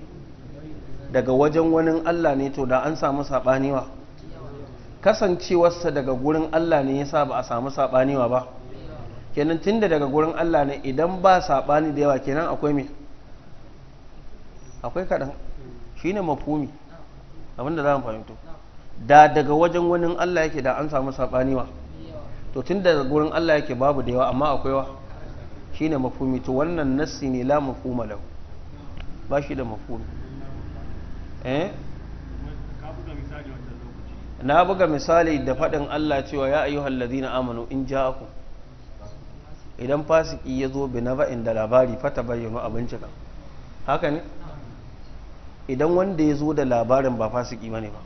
daga wajen wani Allah ne to da an samu saɓani kasancewarsa daga gurin Allah ne yasa ba a samu saɓaniwa ba kenan tunda daga gurin Allah ne idan ba saɓani da yawa kenan akwai me akwai kaɗan shine mafumi abinda za mu fahimto da daga wajen wani Allah yake da an samu saɓaniwa to tun daga gurin Allah yake babu da yawa amma akwai wa shine mafumi to wannan nassi ne la mafuma lau ba shi da mafumi eh na buga misali da faɗin Allah cewa ya ayyuhal ladina amanu in ku idan fasiki ya zo bi naba'in da labari fata bayyana a bincika haka ne idan wanda ya zo da labarin ba fasiki bane ba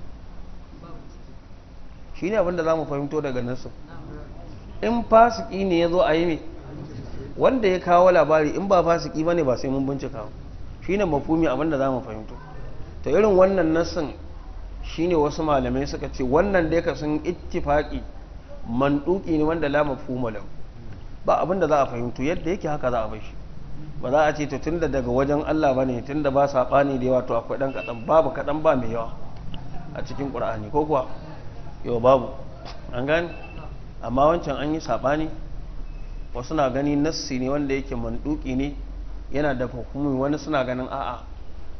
shi ne abinda za mu fahimto daga nasu in fasiki ne ya zo a yi ne wanda ya kawo labari in ba fasiki bane ba sai mun bincika shi ne mafumi abinda za mu fahimto ta irin wannan nasin shi ne wasu malamai suka ce wannan dai ka sun ittifaki manduki ne wanda la mafhuma lahu ba abin da za a fahimto yadda yake haka za a shi ba za a ce to tunda daga wajen Allah ba bane tunda ba sabani da yawa to akwai dan kadan babu kadan ba mai yawa a cikin Qur'ani ko kuwa yau babu an gane amma wancan an yi sabani wasu na gani nassi ne wanda yake manduki ne yana da hukumi wani suna ganin a'a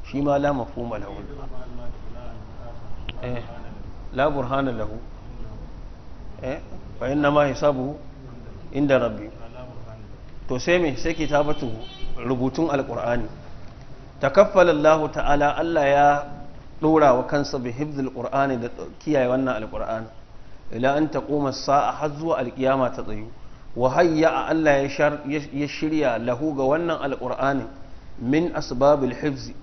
shi ma la mafhuma lahu Eh, la burhana lahu eh, fa inna ma hisabu inda rabbi to sai me sai kitabatu rubutun alqur'ani takaffala Allah ta'ala Allah ya dora wa kansa bi hifzil qur'ani da kiyaye wannan alqur'ani ila an taquma sa'a har zuwa alqiyama ta tsayu wa hayya Allah ya shirya lahu ga wannan alqur'ani min asbabil hifzi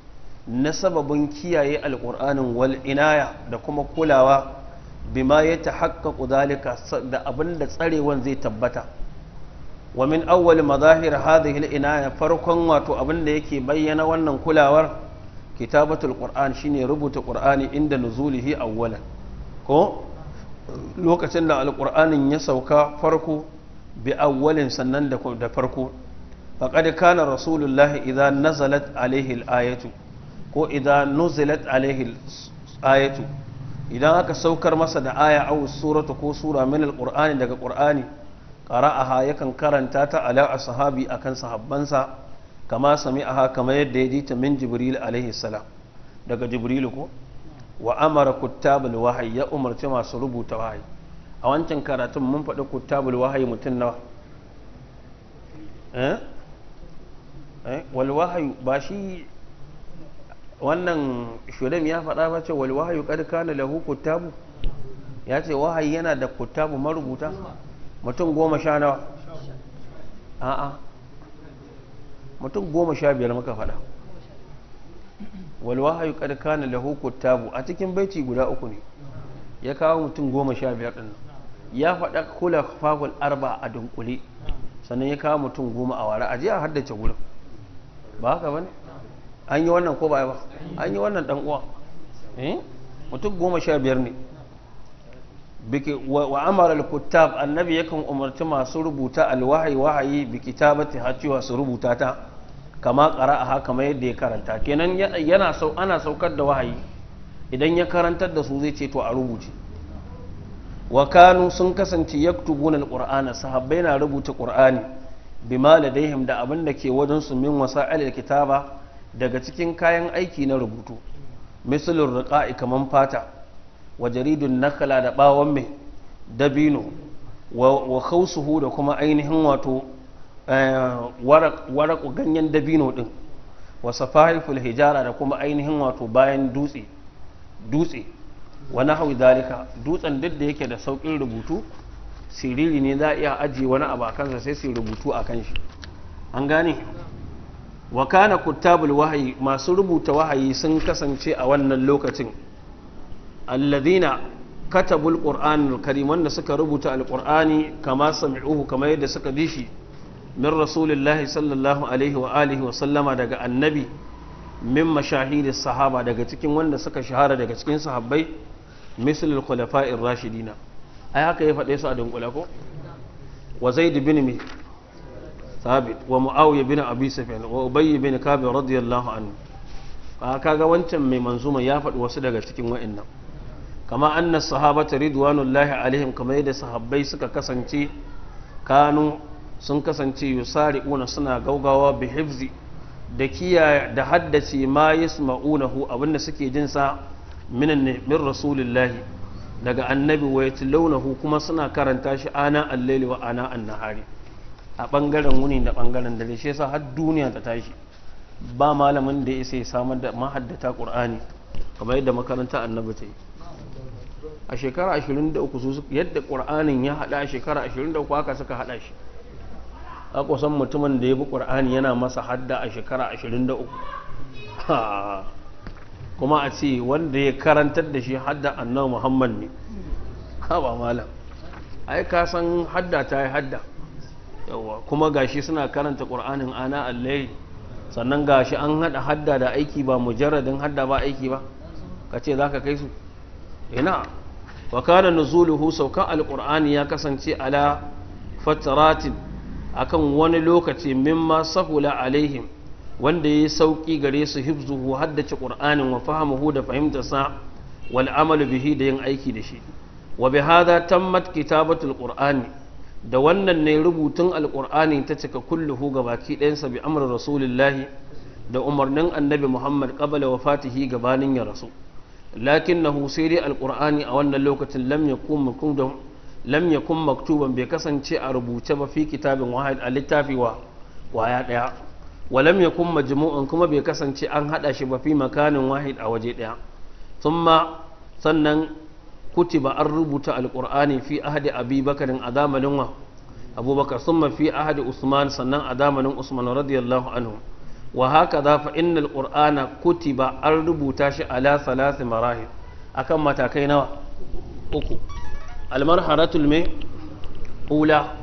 na sababin kiyaye alƙur'anin wal inaya da kuma kulawa bima ya ta haƙƙaƙu da abin da tsarewan zai tabbata wa min awwal mazahir hadhihi al-inaya farkon wato abin da yake bayyana wannan kulawar kitabatul qur'an shine rubuta qur'ani inda nuzulihi awwalan ko lokacin da alƙur'anin ya sauka farko bi awwalin sannan da farko faqad kana rasulullahi idza nazalat alaihi al-ayatu ko idan nuzilat alaihi ayatu idan aka saukar masa da aya aw suratu ko sura min alqur'ani daga qur'ani qara'aha yakan karanta ta ala ashabi akan sahabbansa kama sami'aha kama yadda ya jita ta min jibril alaihi salam daga jibril ko wa amara kuttabul wahayi ya umarci masu rubuta wahayi a wancan karatun mun faɗi kuttabul wahayi mutum nawa eh eh wal wahayu ba shi wannan shulam ya faɗa ba ce wal wahayu qad kana lahu kuttabu ya ce wahayi yana da kuttabu marubuta mutum goma sha nawa a'a mutum goma sha biyar muka faɗa wal wahayu qad kana lahu kuttabu a cikin baiti guda uku ne ya kawo mutum goma sha biyar ɗin ya faɗa kula fagul arba a dunkule sannan ya kawo mutum goma a wara a jiya a haddace wurin ba haka ba ne an yi wannan ko ba ba an yi wannan dan uwa eh? mutum goma sha biyar ne wa amara al-kuttab annabi yakan umarci masu rubuta alwahayi wahayi bi kitabati ha cewa su rubuta ta kama qara'aha kama yadda ya karanta kenan yana sau ana saukar da wahayi idan ya karantar da su zai ce to a rubuce wa kanu sun kasance yaktubuna al-qur'ana sahabbai na rubuta qur'ani bima ladaihim da abin da ke wajen su min wasa'il kitaba daga cikin kayan aiki na rubutu misalin riƙa'i kamar fata wa jaridun nakala da ɓawon mai dabino wa hausuhu da kuma ainihin wato eh, waraku ganyen dabino ɗin wa safahaiful hijara da kuma ainihin wato bayan dutse dutse wani hau dalika dutsen duk da yake da sauƙin rubutu siriri ne za a iya ajiye wani abu a kansa sai su rubutu a kan shi an gane wa kana kuttabul wahayi masu rubuta wahayi sun kasance a wannan lokacin alladina katabul qur'anul karim wanda suka rubuta alqur'ani kama sami'uhu kama yadda suka bi shi min rasulillahi sallallahu alaihi wa alihi wa sallama daga annabi min mashahidi sahaba daga cikin wanda suka shahara daga cikin sahabbai mislul khulafa'ir rashidina ai haka ya faɗe su a dunkula ko wa zaid bin mi sabit wa muawiya bin abi sufyan wa ubay bin kab radiyallahu anhu kaga wancan mai manzuma ya faɗi wasu daga cikin wa'annan kama anna sahabata ridwanullahi alaihim kamar yadda sahabbai suka kasance kanu sun kasance yusari'una suna gaugawa bi hifzi da kiyaye da haddace ma yasma'unahu abinda suke jin sa min min rasulillahi daga annabi wa yatlawnahu kuma suna karanta shi ana al-layli wa ana an-nahari a bangaren wuni da bangaren dare shi yasa har duniya ta tashi ba malamin da ya samar da mahaddata qur'ani kamar yadda makaranta annabi ta yi a shekara 23 su yadda qur'anin ya hada a shekara 23 haka suka hada shi a kusan mutumin da ya bi qur'ani yana masa hadda a shekara 23 kuma a ce wanda ya karantar da shi hadda annabi muhammad ne ha ba malam ai ka san hadda ta yi hadda yawa kuma gashi suna karanta qur'anin ana allai sannan gashi an hada hadda da aiki ba mujarradin hadda ba aiki ba za ka kai su ina wa kana nuzuluhu sauka alqur'ani ya kasance ala fataratin akan wani lokaci mimma sahula alaihim wanda ya yi sauki gare su hifzuhu haddace ƙur'anin wa fahimuhu da fahimtarsa wal amalu bihi da yin aiki da shi wa bihadha tammat kitabatul qur'ani da wannan ne rubutun alkur'ani ta cika kulluhu ga baki ɗayansa bi amr rasulillahi da umarnin annabi muhammad wa Fatihi gabanin ya rasu Lakin sai dai alkur'ani a wannan lokacin lam yakun maktuban maktuban bai kasance a rubuce ba fi kitabin wahid a littafi wa waya ɗaya, wa lam kun majmu'an kuma bai kasance an haɗa shi ba fi makanin wahid a waje ɗaya thumma sannan kutiba an rubuta Alkur'ani fi ahadi abi a zamanin wa abubakar sun fi ahadi usman sannan a zamanin usman radiyallahu anhu wa haka za fa inna alƙur'ana kutiba an rubuta shi ala salasi marahil akan matakai nawa uku almarharatul mai ula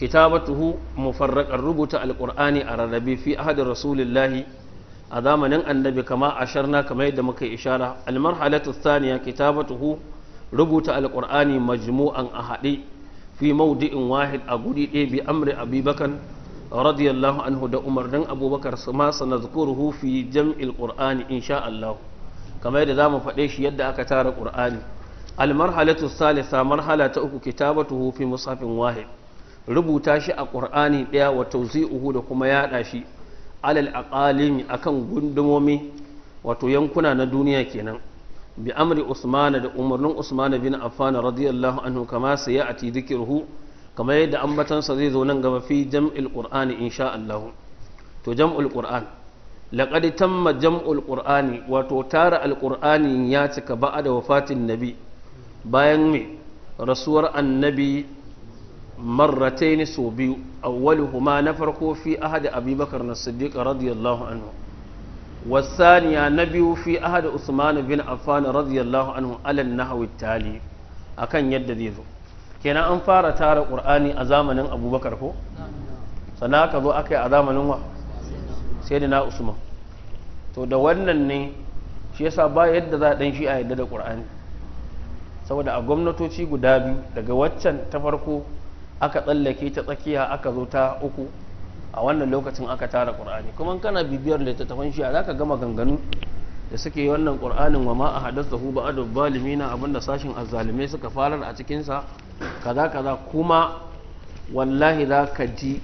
kitabatuhu mufarraqan rubuta Alkur'ani a rarrabe fi ahadi rasulillahi a zamanin annabi kama sharna kamar yadda muka ishara almarhalatu kitaba kitabatuhu rubuta alkur'ani majmu'an a haɗe fi maudi'in wahid a guri ɗaya bi amri abubakar radiyallahu anhu da umarnin abubakar su ma sana zukuruhu fi jam'il ƙur'ani insha Allah kamar yadda za mu faɗe shi yadda aka tara ƙur'ani almarhalatu salisa marhala ta uku kitabatuhu fi musafin wahid rubuta shi a ƙur'ani ɗaya wa tawzi'uhu da kuma yaɗa shi alal aqalimi akan gundumomi wato yankuna na duniya kenan bi amri usmana da umarnin usmana bin affan radiyallahu anhu kama sai ya ati dhikruhu kamar yadda ambatansa zai zo nan gaba fi jam'il qur'ani insha Allah to jam'ul qur'an laqad tamma jam'ul qur'ani wato tara alqur'ani ya cika ba'a da wafatin nabi bayan mai rasuwar annabi marrataini sau biyu awwaluhuma na farko fi ahadi abubakar na siddiq radiyallahu anhu والثانية نبي في أحد عثمان بن عفان رضي الله عنه على النحو التالي أكن يد ذيذو كنا أنفار تار قرآني أزامن أبو بكر هو سناك ذو أكي أزامن هو سيدنا عثمان to da wannan ne shi yasa ba yadda za dan shi a yadda da ƙur'ani saboda a gwamnatoci guda biyu daga waccan ta farko aka tsallake ta tsakiya aka zo ta uku a wannan lokacin aka tara qur'ani kuma kana bibiyar littattafan shi zaka gama ganganu da suke yi wannan qur'anin wa ma a haddasa ahadathu ba'du balimina abinda sashin azalimai suka farar a cikin sa kaza kaza kuma wallahi zaka ji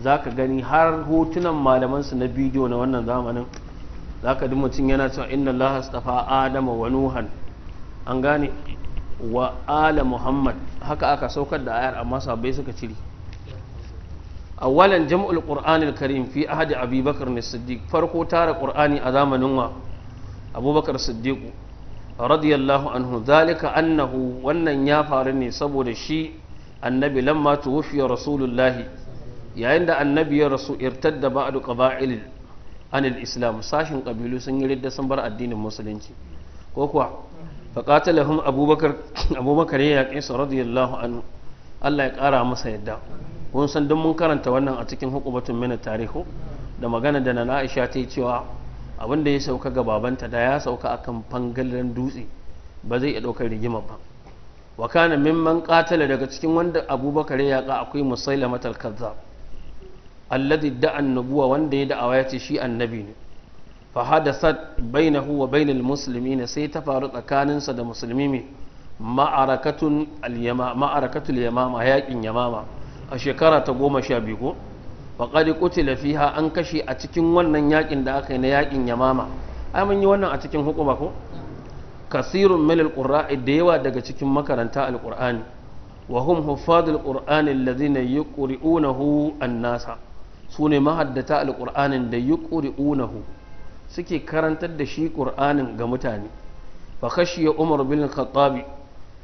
zaka gani har hotunan malamansu na bidiyo na wannan zamanin zaka ji mutum yana cewa inna allaha astafa adama wa nuhan an gane wa ala muhammad haka aka saukar da ayar amma sabai suka ciri awwalan jam'ul qur'anil karim fi ahadi abubakar ne siddiq farko tara qur'ani a zamanin wa abubakar siddiq radiyallahu anhu zalika annahu wannan ya faru ne saboda shi annabi lamma tuwfiya rasulullahi yayin da annabi ya rasu irtadda ba'du qaba'il anil islam sashin kabilu sun yi ridda sun bar addinin musulunci ko kuwa faqatalahum abubakar abubakar ya yaƙe su radiyallahu anhu Allah ya ƙara masa yadda kun san duk mun karanta wannan a cikin hukumatun mina tarihu da magana da na aisha ta yi cewa abin da ya sauka ga babanta da ya sauka akan fangalen dutse ba zai iya ɗaukar rigima ba wa kana mimman qatala daga cikin wanda abubakar ya ka akwai musailama al-kazzab alladhi da'a nubuwa wanda ya da'awa ya ce shi annabi ne fa hadasat bainahu wa bainal muslimina sai ta faru tsakaninsa da musulmi ma'arakatun al-yamama ma'arakatul yamama yaqin yamama a shekara ta goma sha biyu ko faƙari kutila fiha an kashe a cikin wannan yakin da aka yi na yakin yamama ai mun yi wannan a cikin hukuma ko kasirun min kur'a'i da yawa daga cikin makaranta alqur'ani wa hum huffadul qur'ani alladhina yuqri'unahu an-nasa sune mahaddata alqur'anin da yuqri'unahu suke karantar da shi qur'anin ga mutane fa ya umar bin khattabi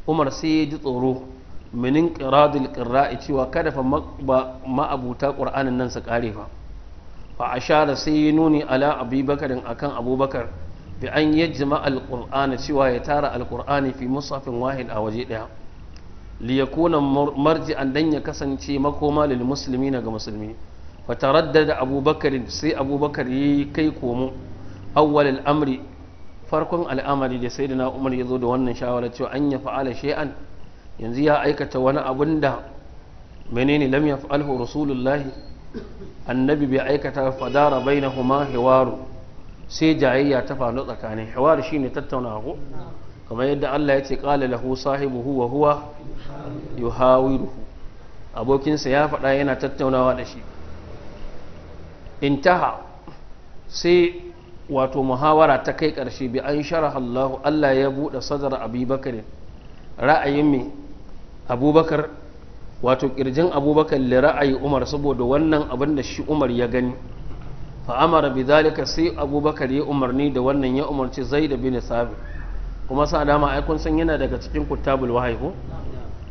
umar sai ya ji tsoro minin qiradil qirra'i cewa kada fa ma'abuta qur'anin nan su kare fa fa ashara sai ya nuni ala abubakarin akan abubakar bi an yajma alqur'ana cewa ya tara alqur'ani fi musafin wahid a waje daya li yakuna marji'an dan ya kasance makoma lil muslimina ga musulmi fa taraddada abubakar sai abubakar yi kai komo awwal al-amri farkon al'amari da sayyidina umar ya zo da wannan shawara cewa an ya fa'ala shay'an yanzu ya aikata wani abun da menene lam alhu rasulullahi annabi bai aikata fadara huma hiwaru sai jayayya ta faru tsakanin hiwaru shine tattaunawa kamar yadda Allah ya ce qala lahu sahibu wa huwa yuhawiruhu abokinsa ya faɗa yana tattaunawa da shi intaha sai wato muhawara ta kai ƙarshe bi an sharaha Allah Allah ya buɗe sadar abubakar ra'ayin mai abubakar wato kirjin abubakar li ra'ayi umar saboda wannan abin da shi umar ya gani fa'amara bi zalika sai abubakar ya umarni da wannan ya umarci da bin sabit kuma sa dama ai kun san yana daga cikin kuttabul wahyi ko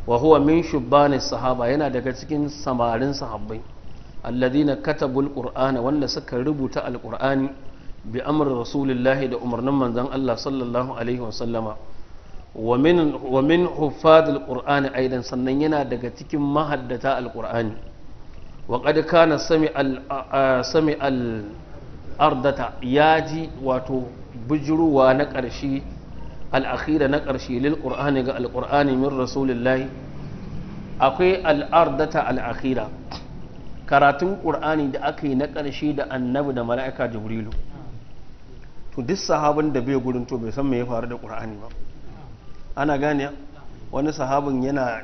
wa huwa min shubbani sahaba yana daga cikin samarin sahabbai alladhina katabul qur'ana wanda suka rubuta alqur'ani bi amr rasulillahi da umarnin manzon Allah sallallahu alaihi wa min huffad alqur'ani aidan sannan yana daga cikin mahaddata alqur'ani wa qad sami sami al yaji wato bujuruwa na ƙarshe al'akhira na ƙarshe lil qur'ani ga alqur'ani min rasulillahi akwai al'ardata al'akhira karatun ƙur'ani da aka yi na ƙarshe da annabi da mala'ika jibrilu to duk sahabin da bai gudun to bai san me ya faru da ƙur'ani ba ana gane wani sahabin yana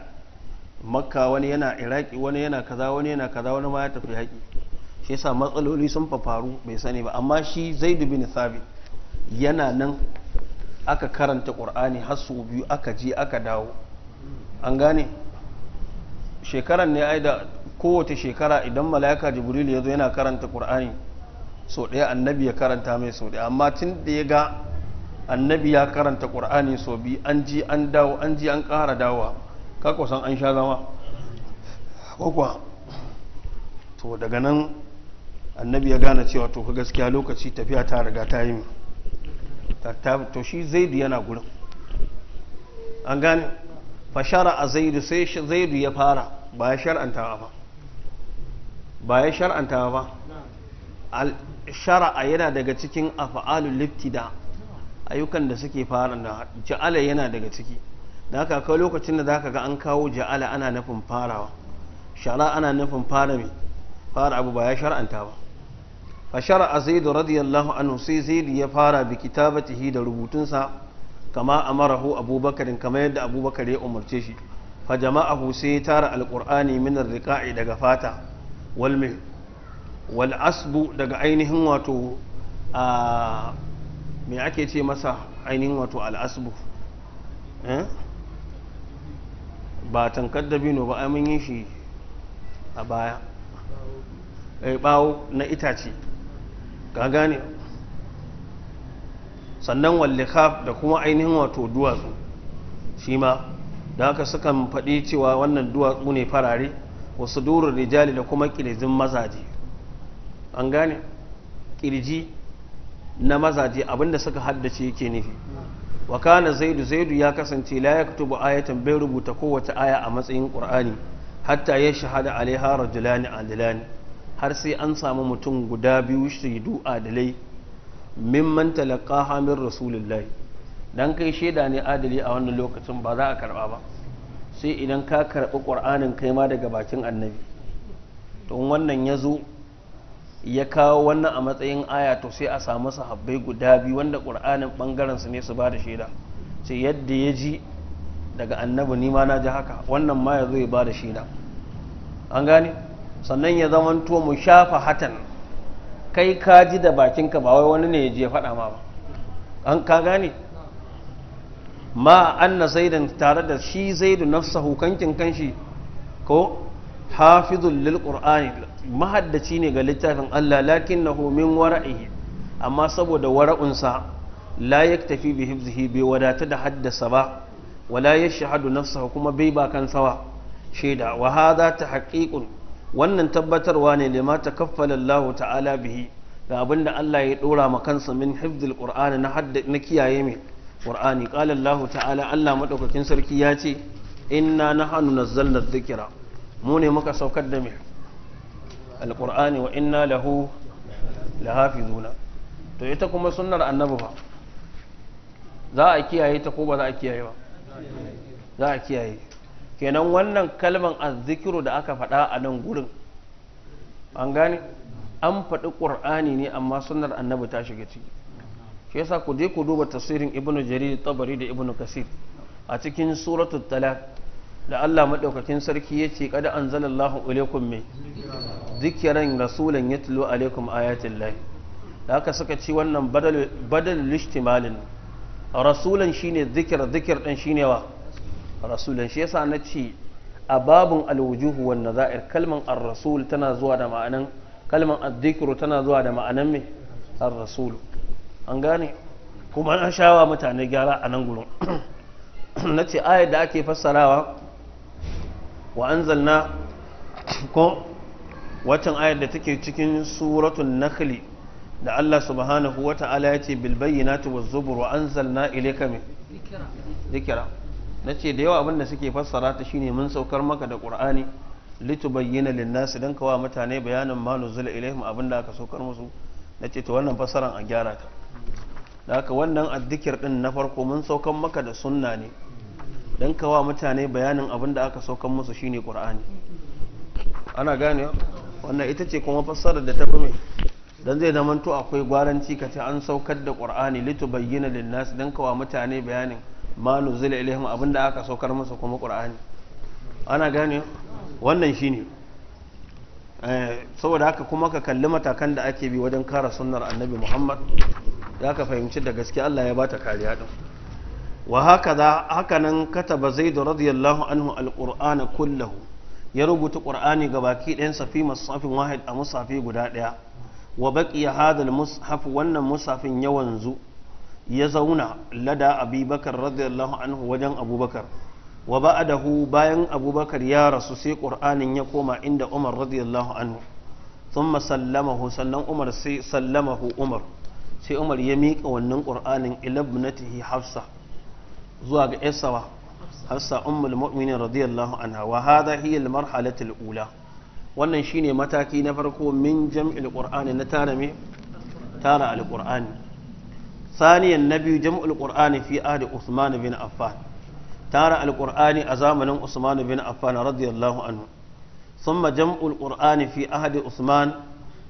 makka wani yana iraki wani yana kaza wani yana kaza wani ma ya tafi haƙi shi yasa matsaloli sun faru bai sani ba amma shi zai bin nisabi. yana nan aka karanta ƙur'ani har su biyu aka je aka dawo an gane shekaran ne aida kowace shekara idan mala'ika jibril ya zo yana karanta ƙur'ani sau ɗaya annabi ya karanta mai sau ɗaya amma tun da ya ga annabi ya karanta qur'ani so bi an ji an dawo an ji an ƙara dawa ka kusan an sha zama kwakwa to daga nan annabi ya gane cewa to ka gaskiya lokaci tafiya ta riga ta yi to shi zaidu yana gurin an gane fashara a zaidu sai zaidu ya fara ba ya shar'anta ba ba ya shar'anta ba shara'a yana daga cikin afa'alul liftida ayyukan da suke fara da ja'ala yana daga ciki da haka akwai lokacin da zaka ga an kawo ja'ala ana nufin farawa shara ana nufin fara mai fara abu ba ya shar'anta ba fa shara'a zaid radiyallahu anhu sai zaidu ya fara bi kitabatihi da rubutunsa kama amarahu abubakarin kama yadda abubakar ya umarce shi fa jama'ahu sai ya tara alkur'ani min rika'i daga fata wal wal asbu daga ainihin wato a me ake ce masa ainihin wato al'asbu eh? ba tankar dabino ba mun yi shi a baya bawo eh, na itace ga gane sannan wallekaf da kuma ainihin wato duwatsu shi ma da haka sukan faɗi cewa wannan duwatsu ne farare wasu durin rijali da kuma ƙirjin mazaje an gane ƙirji na mazaje abinda suka haddace yake nufi wa kana zaidu zaidu ya kasance la yaktubu ayatan bai rubuta kowace aya a matsayin qur'ani hatta ya shahada alaiha rajulani adilani har sai an samu mutum guda biyu shaidu adalai mimman talaqaha min rasulillahi dan kai shaida ne adali a wannan lokacin ba za a karba ba sai idan ka karbi qur'anin kai ma daga bakin annabi to wannan ya zo ya kawo wannan a matsayin aya to sai a samu sahabbai guda biyu wanda ƙur'anin ɓangaren su ne su ba da shaida sai yadda ya ji daga annabi ni ma na ji haka wannan ma ya zo ya ba da shaida an gane sannan ya zama to mu shafa hatan kai ka ji da bakinka ba wai wani ne ya je faɗa ma ba an ka gane ma anna zaidan tare da shi zaidu nafsahu kankin kanshi ko hafizul lil qur'ani mahaddaci ne ga littafin Allah lakin na homin wara'ihi amma saboda wara'unsa la ya tafi bi hibzihi bai wadata da haddasa ba wala ya shahadu nafsa kuma bai ba kan sawa shaida wa hadha ta haƙiƙun wannan tabbatarwa ne lima ta kaffala Allah ta'ala bihi ga abinda Allah ya ɗora ma kansa min hifzil qur'ani na na kiyaye mai qur'ani qala Allah ta'ala Allah madaukakin sarki ya ce inna na nazzalna dhikra mu ne muka saukar da mai alƙur'ani wa inna lahu zuna to ita kuma sunar annabi ba za a kiyaye ta ko ba za a kiyaye ba za a kiyaye kenan wannan kalman as-zikiru da aka faɗa a nan gurin an gane an faɗi ƙur'ani ne amma sunar annabi ta shiga ciki shi yasa ku je ku duba tasirin ibnu jarir tabari da ibnu kasir a cikin suratul talaq da Allah maɗaukakin sarki ya ce kada an zala Allah alaikum mai zikiran rasulan ya tulo alaikum ayatun lai da haka suka ci wannan badal lishtimalin rasulan shine zikir zikir ɗin ne wa rasulan shi yasa na ce a babin alwujuhu wanda za'ir kalman ar-rasul tana zuwa da ma'anan kalman ad zikiru tana zuwa da ma'anan mai ar-rasul an gane kuma an shawa mutane gyara a nan gurin <clears throat> na ayar da ake fassarawa wa anzalna ko watan ayar da take cikin suratul nakhli da Allah subhanahu wa ta'ala ya ce bil bayyinati waz zubur wa anzalna ilayka dhikra nace da yawa abin da suke fassara ta shine mun saukar maka da qur'ani litubayyana lin nasi dan kawa mutane bayanin ma nuzila ilaihim abin da aka saukar musu nace to wannan fassaran a gyara ta da haka wannan addikir din na farko mun saukar maka da sunna ne don kawa mutane bayanin abin da aka saukan musu shine qur'ani ana gane wannan ita ce kuma fassarar da ta fi mai don zai zamanto akwai gwaranci ka ce an saukar da qur'ani litu bayyana linnas don kawa mutane bayanin malu nuzila ilaihim abin da aka saukar musu kuma ƙura'ani ana gane wannan shine eh, saboda haka kuma ka kalli matakan da ake bi wajen kara sunnar annabi muhammad ya ka fahimci da gaske allah ya bata kariya din wa haka za haka nan kataba zaidu radiyallahu anhu alqur'ana kullahu ya rubuta qur'ani ga baki ɗayan safi musafin wahid a musafi guda ɗaya wa baqiya hadha almushaf wannan musafin yawanzu ya zauna lada abubakar radiyallahu anhu wajen abubakar wa ba'adahu bayan abubakar ya rasu sai qur'anin ya koma inda umar radiyallahu anhu thumma sallamahu sannan umar sai sallamahu umar sai umar ya miƙa wannan qur'anin ila ibnatihi hafsa zuwa ga yasawa hafsa ummul mu'minin radiyallahu anha wa hadha hiya marhalatul ula wannan shine mataki na farko min jam'il qur'ani na tara me tara al qur'ani ثانيا النبي جمع القرآن في عهد عثمان بن عفان تارى القرآن أزامن عثمان بن عفان رضي الله عنه ثم جمع القرآن في عهد عثمان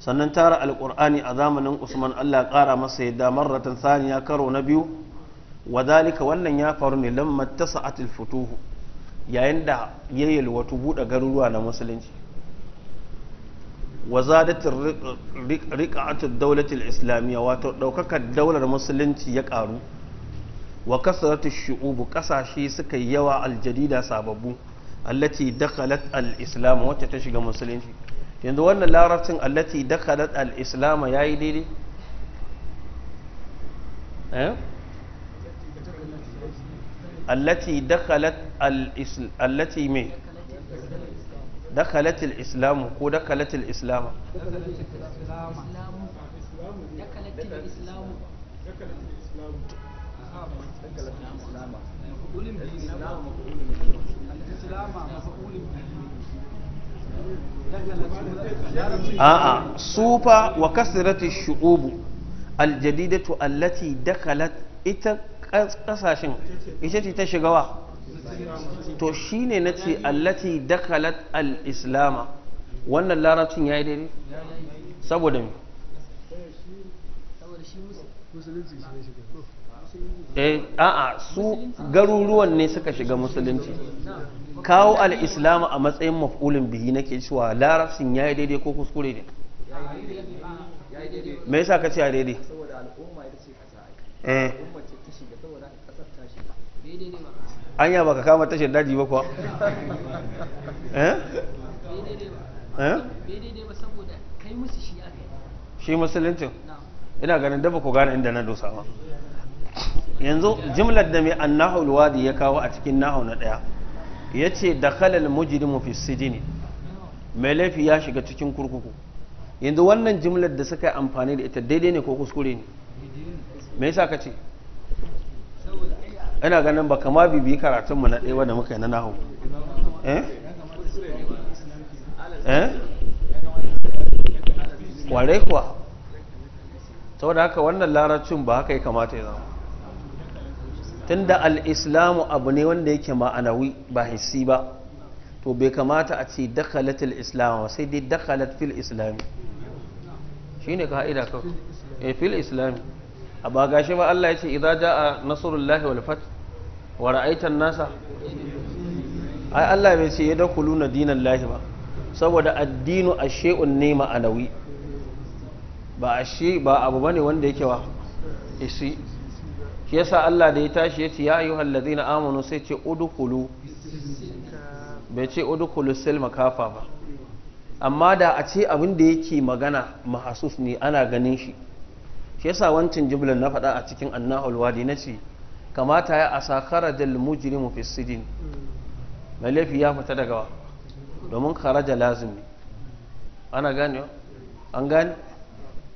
sannan tara alƙur'ani a zamanin usman allah ƙara masa yadda marratan saniya karo na biyu wa wannan ya faru ne lamma tasa'atil futuhu yayin da ya yalwatu buɗe garuruwa na musulunci wa rikatun riqa'atul islamiyya wato ɗaukakar daular musulunci ya ƙaru wa kasaratu shu'ubu kasashe suka yi yawa aljadida sababbu allati dakhalat al-islam wacce ta shiga musulunci yanzu wannan larabcin allati dakhalat al-islam yayi daidai eh التي دخلت الاسلام التي مي دخلت الإسلام كو دخلت الإسلام آه, آه. سوبا وكسرت الشعوب الجديدة التي دخلت إتر kasashen ita ce ta shiga wa to ne na ce allati dakalat al-islama wannan larabcin ya yi daidai saboda me eh, a'a su garuruwan ne suka shiga musulunci kawo al a matsayin maf'ulin bihi nake cewa larabcin ya yi daidai ko kuskure ne me sa ka ce a daidai eh. anya ka kama tashar daji ba kuwa eh? Eh? Eh? shi musulunci ina ganin dafa ku gane inda na dosa ba yanzu jimlar da mai annahul wadi ya kawo a cikin nahau na daya ya ce da kalal mujrimu fi sijini mai laifi ya shiga cikin kurkuku yanzu wannan jimlar da suka yi amfani da ita daidai ne ko kuskure ne me sa ka ce ina ganin ba kama bibi karatunmu na ɗaya da muka yi na nahu eh eh ware kuwa saboda haka wannan laracin ba haka ya kamata ya zama da al'islamu abu ne wanda yake ma'anawi ba hissi ba to bai kamata a ce dakhalat islamu sai dai dakalat fil islami shi ne ka eh, fil islami a ba gashi ba Allah ya ce idza jaa nasrullahi wal walfat wa ra'aitan nasa ai Allah bai ce kulu na dinan lahi ba saboda addinu ashay'un ne ma'anawi ba ashe ba abu ba ne wanda yake wa isi shi yasa Allah da ya tashi ya ce ya ayyuhal ladina amanu sai ce udkhulu bai ce udkhulu silma kafa ba amma da a ce abin da yake magana mahasus ne ana ganin shi shi yasa wancan jimlar na faɗa a cikin annahul wadi na ce kamata ya asa kharajal mujrimu fi sidin mai laifi ya fita daga wa domin kharaja lazimi ana gane an gane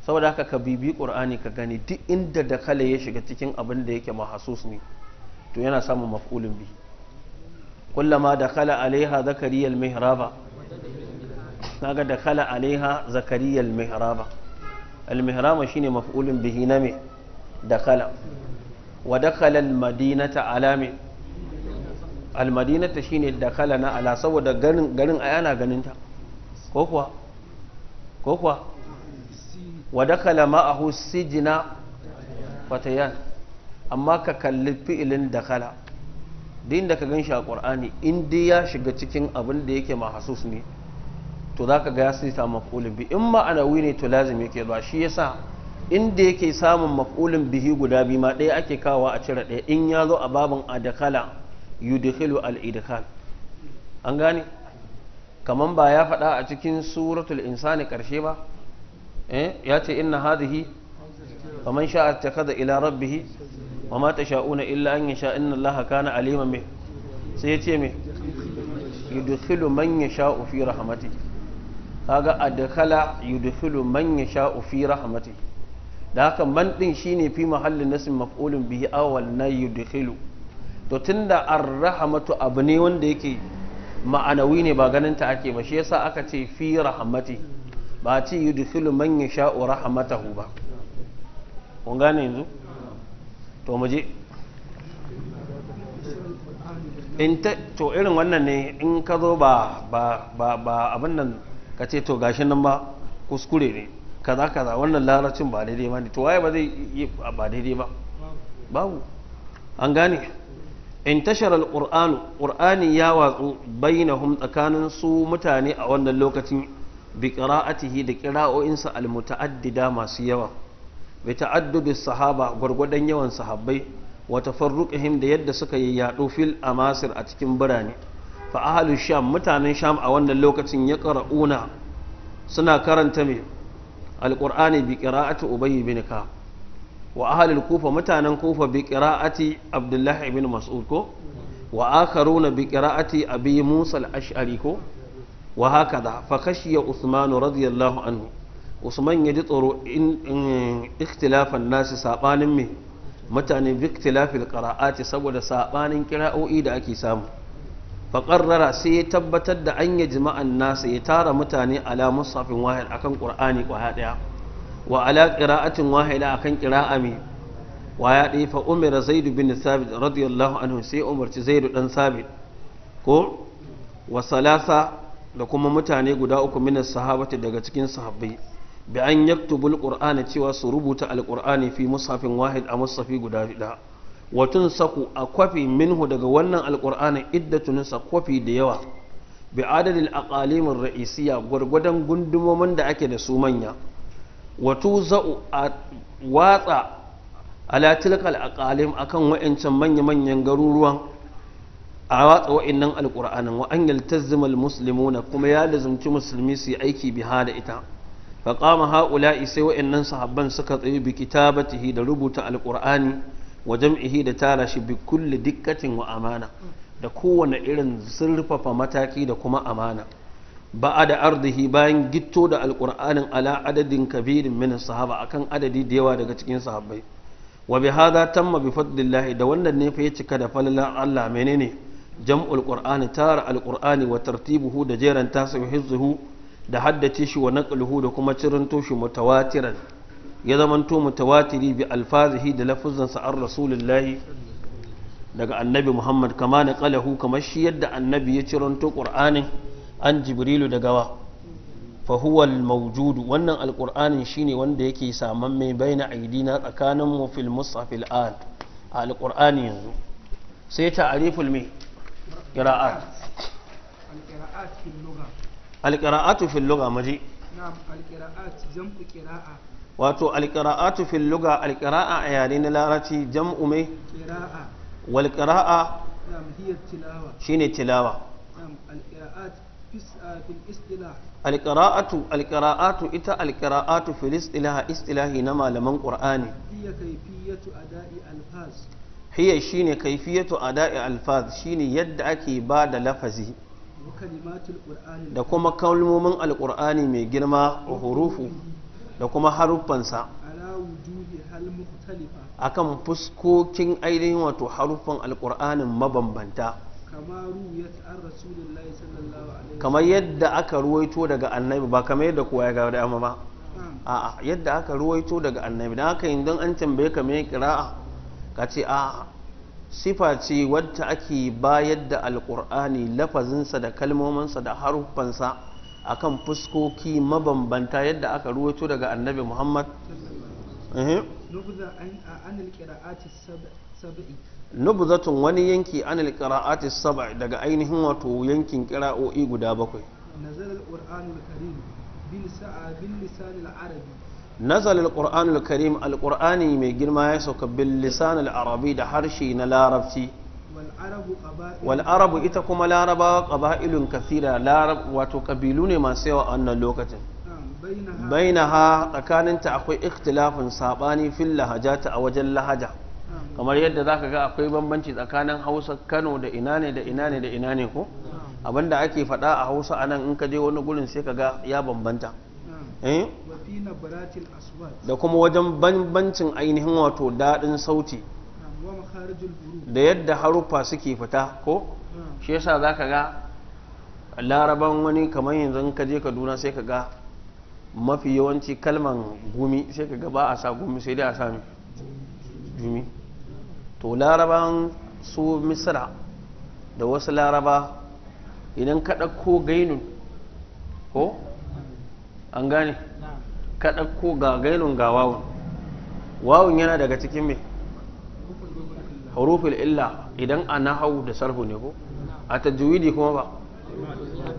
saboda haka ka bibi qur'ani ka gani duk inda da kala ya shiga cikin abin da yake mahasus ne to yana samun maf'ulun bi kullama da kala alaiha zakariyar mihraba da kala alaiha mihraba al-mihrama shine maf'ulun bihi na me dakala wa dakala al-madinata ala me al-madinata shine dakala na ala saboda garin garin ayana ganin ta ko kuwa ko kuwa wa dakala ma'ahu sijina fatayan amma ka kalli fi'ilin dakala din da ka ganshi a ƙur'ani in dai ya shiga cikin abin da yake mahasus ne to za ka ga ya sai ta maf'ulin bi in ma'anawi ne to lazim yake zuwa shi yasa inda yake samun maf'ulin bihi guda biyu ma ɗaya ake kawo a cire ɗaya in ya zo a babin adakala yudhilu al idkhal an gane kaman ba ya faɗa a cikin suratul insani karshe ba eh, ya ce inna hadhihi faman sha'a takada ila rabbihi wa ma tasha'una illa an yasha inna allaha kana aliman sai ya ce me yudkhilu man yasha'u fi rahmatihi kaga adkhala yudkhilu man yasha fi rahmati da haka man din shine fi mahallin nasm maf'ulun bihi awal na yudkhilu to tunda ar-rahmatu abu ne wanda yake ma'anawi ne ba ganin ta ake ba shi yasa aka ce fi rahmati ba ce yudkhilu man yasha rahmatahu ba kun gane yanzu to mu je to irin wannan ne in ka zo ba ba ba abin nan ka ce to gashi nan ba kuskure ne kaza kaza wannan larabcin ba daidai ba ne to waye ba zai yi ba daidai ba babu an gane in tashar alƙur'anu ƙur'ani ya watsu bainahum tsakanin su mutane a wannan lokacin bi qira'atihi da qira'o'insa almuta'addida masu yawa bi ta'addudi sahaba gwargwadon yawan sahabbai wa tafarruqihim da yadda suka yi yado fil amasir a cikin birane fa ahalu sham mutanen sham a wannan lokacin ya ƙara'una suna karanta mai alƙur'ani bi ƙira'ati ubayi bin ka wa ahalul kufa mutanen kufa bi ƙira'ati abdullahi ibn mas'ud ko wa akaruna bi ƙira'ati abi musa al-ash'ari ko wa haka da fa ya usmanu radiyallahu anhu usman ya ji tsoro in ikhtilafan nasi sabanin me mutane bi ikhtilafil qira'ati saboda saɓanin ƙira'o'i da ake samu faƙarrara sai ya tabbatar da an yi jima'an nasa ya tara mutane ala musafin wahid akan ƙur'ani ƙwaya ɗaya wa ala ƙira'atin wahida akan ƙira'a mai waya ɗaya fa umira zaidu bin sabit radiyallahu anhu sai umarci zaidu ɗan sabit ko wa salasa da kuma mutane guda uku min sahabati daga cikin sahabbai bi an yaktubul qur'ana cewa su rubuta alqur'ani fi masafin wahid a masafi guda ɗaya watun saku a kwafi minhu daga wannan alqur'ani iddatu nusa kwafi da yawa bi adadil aqalimin ra'isiya gwargwadon gundumomin da ake da su manya watu za'u a watsa alatilkal tilkal aqalim akan wa'ancan manya-manyan garuruwan a watsa wa'annan alqur'anin wa an yaltazzima kuma ya lazumci musulmi su yi aiki biha da ita fa kama haula'i sai wa'annan sahabban suka tsaye bi kitabatihi da rubuta Alƙur'ani. wa jam'ihi da tara shi bi kulli dikkatin wa amana da kowane irin zurfafa mataki da kuma amana ba da arziki bayan gitto da alƙur'anin ala adadin kabirin min sahaba akan adadi da yawa daga cikin sahabbai wa bi hadha tamma bi fadlillahi da wannan ne ya cika da falalan Allah menene jam'ul qur'ani tara alqur'ani wa tartibuhu da jeran tasu hizzuhu da haddace shi wa naqluhu da kuma cirinto shi mutawatiran ya zamanto mutawatiri bi alfazihi da lafuzansa an rasulullahi daga annabi muhammad kama na kalahu kamar shi yadda annabi ya ciranto ƙur'anin an jibrilu daga wa fahuwal maujudu wannan alƙur'anin shine wanda yake saman mai baina aidina tsakanin mu fil musafil an a alƙur'ani yanzu sai ta'ariful mai qira'at alqira'atu fil lugha maji na'am alqira'at jam'u qira'a wato alƙira'atu fil luga alƙira'a a yare na larabci jam'u mai wal qira'a shine tilawa alƙira'atu alƙira'atu ita alƙira'atu fil istilaha istilahi na malaman qur'ani hiya shine kaifiyatu ada'i alfaz shine yadda ake ba da lafazi da kuma kalmomin alƙur'ani mai girma a hurufu da kuma haruffansa akan fuskokin ainihin wato haruffan alƙur'anin mabambanta kamar yadda aka ruwaito daga annabi ba kamar yadda kowa ya da dama ba a yadda aka ruwaito daga annabi dan haka idan an tambaye ka me qira'a ka ce a sifa ce wadda ake bayar da alƙur'ani lafazinsa da kalmominsa da haruffansa akan fuskoki mabambanta yadda aka ruwaito daga annabi muhammad nubzatun wani yanki an alƙira'ati saba daga ainihin wato yankin o'i guda bakwai nazal al-qur'an al-karim al-qur'ani mai girma ya sauka bil lisan al-arabi da harshe na larabci wal'arabu ita kuma larabawa kaba'ilun kasira wato ƙabilu ne masu yawa wannan lokacin baina ha tsakaninta akwai ikhtilafin saɓani fil lahajata a wajen lahaja kamar yadda za ka ga akwai bambanci tsakanin hausa kano da ina ne da ina ne da ina ne ko abinda ake faɗa a hausa anan in ka je wani gurin sai ka ga ya bambanta da kuma wajen bambancin ainihin wato daɗin sauti da yadda haruffa suke fita ko hmm. shi yasa za ka ga laraban wani kamar yanzu ka je kaduna sai ka ga mafi yawanci kalman gumi sai ka ga ba a sa gumi sai dai a sa jumi to laraban su misra da wasu laraba idan ka ɗauko gainun ko an gane ka ɗauko ga gainun ga wawun wawun yana daga cikin mai huruful illa idan a nahawu da sarhu ne ko a tajwidi kuma ba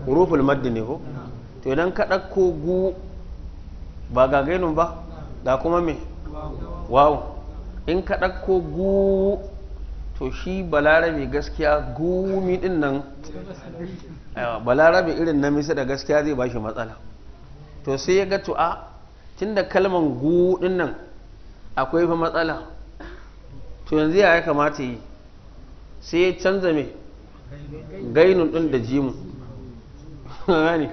huruful maddi ne ko to idan ka ɗauko gu ba gagainun ba da kuma me wawo in ka ɗauko gu to shi balarabe gaskiya gumi din nan eh, balarabe irin na misa da gaskiya zai bashi matsala to sai ya ga tu'a tunda kalman gu din nan akwai fa matsala to yanzu ya kamata yi sai ya canza mai gainun ɗin da jimu sai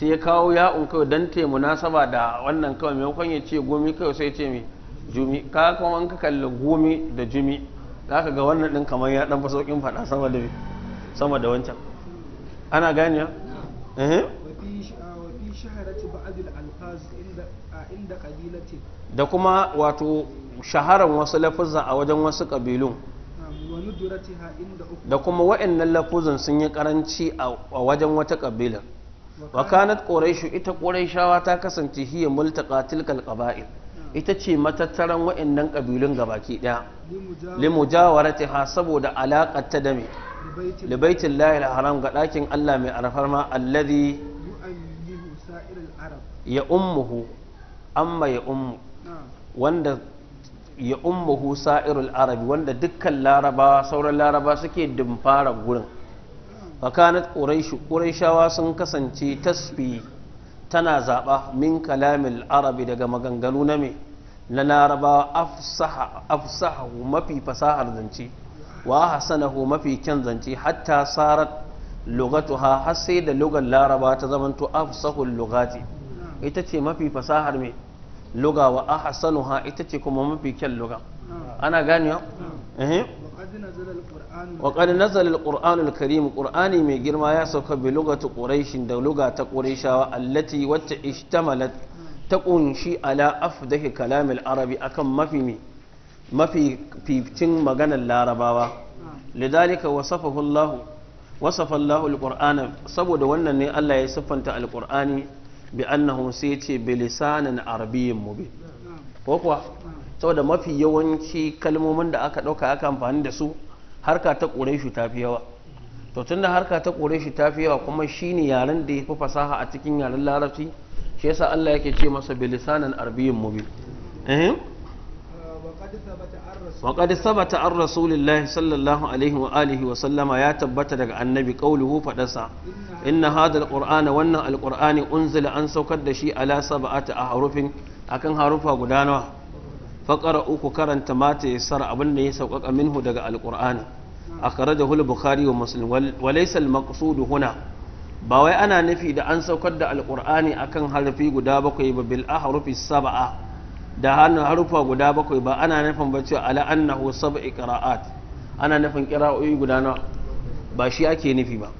ya kawo ya'un kawai don ta munasaba da wannan kawai maimakon ya ce gomi kawai sai ce mai jumi ka kuma an ka kalli gomi da jumi za ka ga wannan ɗin kamar ya ɗan fasaukin faɗa sama da sama da wancan ana gani eh. ya da kuma wato shaharan wasu lafuzan a wajen wasu ƙabilun da kuma wa'annan lafuzan sun yi karanci a wajen wata ƙabilar wa kanat ita ƙoraishawa ta kasance hiya multa ƙatil qaba'il ita ce matattaran wa'annan ƙabilun gabaki daya limujawaratiha saboda alaƙar ta da me libaitin haram ga ɗakin Allah mai alfarma alladhi ya ummuhu amma ya ummu wanda ya ummuhu sa'irul arabi wanda dukkan laraba sauran laraba suke dimfara gurin fakanat quraishu quraishawa sun kasance tasbi tana zaba min kalamil arabi daga maganganu na me na laraba afsaha afsahu mafi fasahar zance wa hasanahu mafi kyan zance hatta sarat lugatuha har sai da lugar laraba ta zamanto afsahul lugati ita ce mafi fasahar me luga wa ahsanuha ita ce kuma mafi kyan luga ana gani wa qad nazala al-qur'an al-karim qur'ani mai girma ya sauka bi lugati quraish da luga ta quraishawa allati wacce ishtamalat ta kunshi ala afdahi kalam al-arabi akan mafi mafi fitin maganar larabawa lidalika wasafahu Allah wasafa Allah al-qur'ana saboda wannan ne Allah ya siffanta al-qur'ani bi annahum sai ce bi lisanin arabiyyin mubin ko kuwa saboda mafi yawanci kalmomin da aka ɗauka aka amfani da su harka ta ƙureshi ta fi yawa to tunda harka ta ƙureshi ta fi yawa kuma shi ne yaren da ya fi fasaha a cikin yaren larabci shi yasa Allah yake ce masa bilisanin lisanin arabiyyin mubin وقد ثبت عن رسول الله صلى الله عليه وآله وسلم يا تبت لك النبي قوله فدسا إن هذا القرآن وأن القرآن أنزل أن سوكد شيء على سبعة أحرف أكن حروفها قدانوا فقرأوك كرن تمات يسر أبن يسوقك منه دق القرآن أخرجه البخاري ومسلم وليس المقصود هنا باوي أنا نفي دا أن سوكد القرآن أكن حرفي قدابك بالأحرف السبعة da hannun harufa guda bakwai ba ana nufin ba cewa ala annahu sab'i qira'at ana nufin qira'o'i guda nawa ba shi ake nufi ba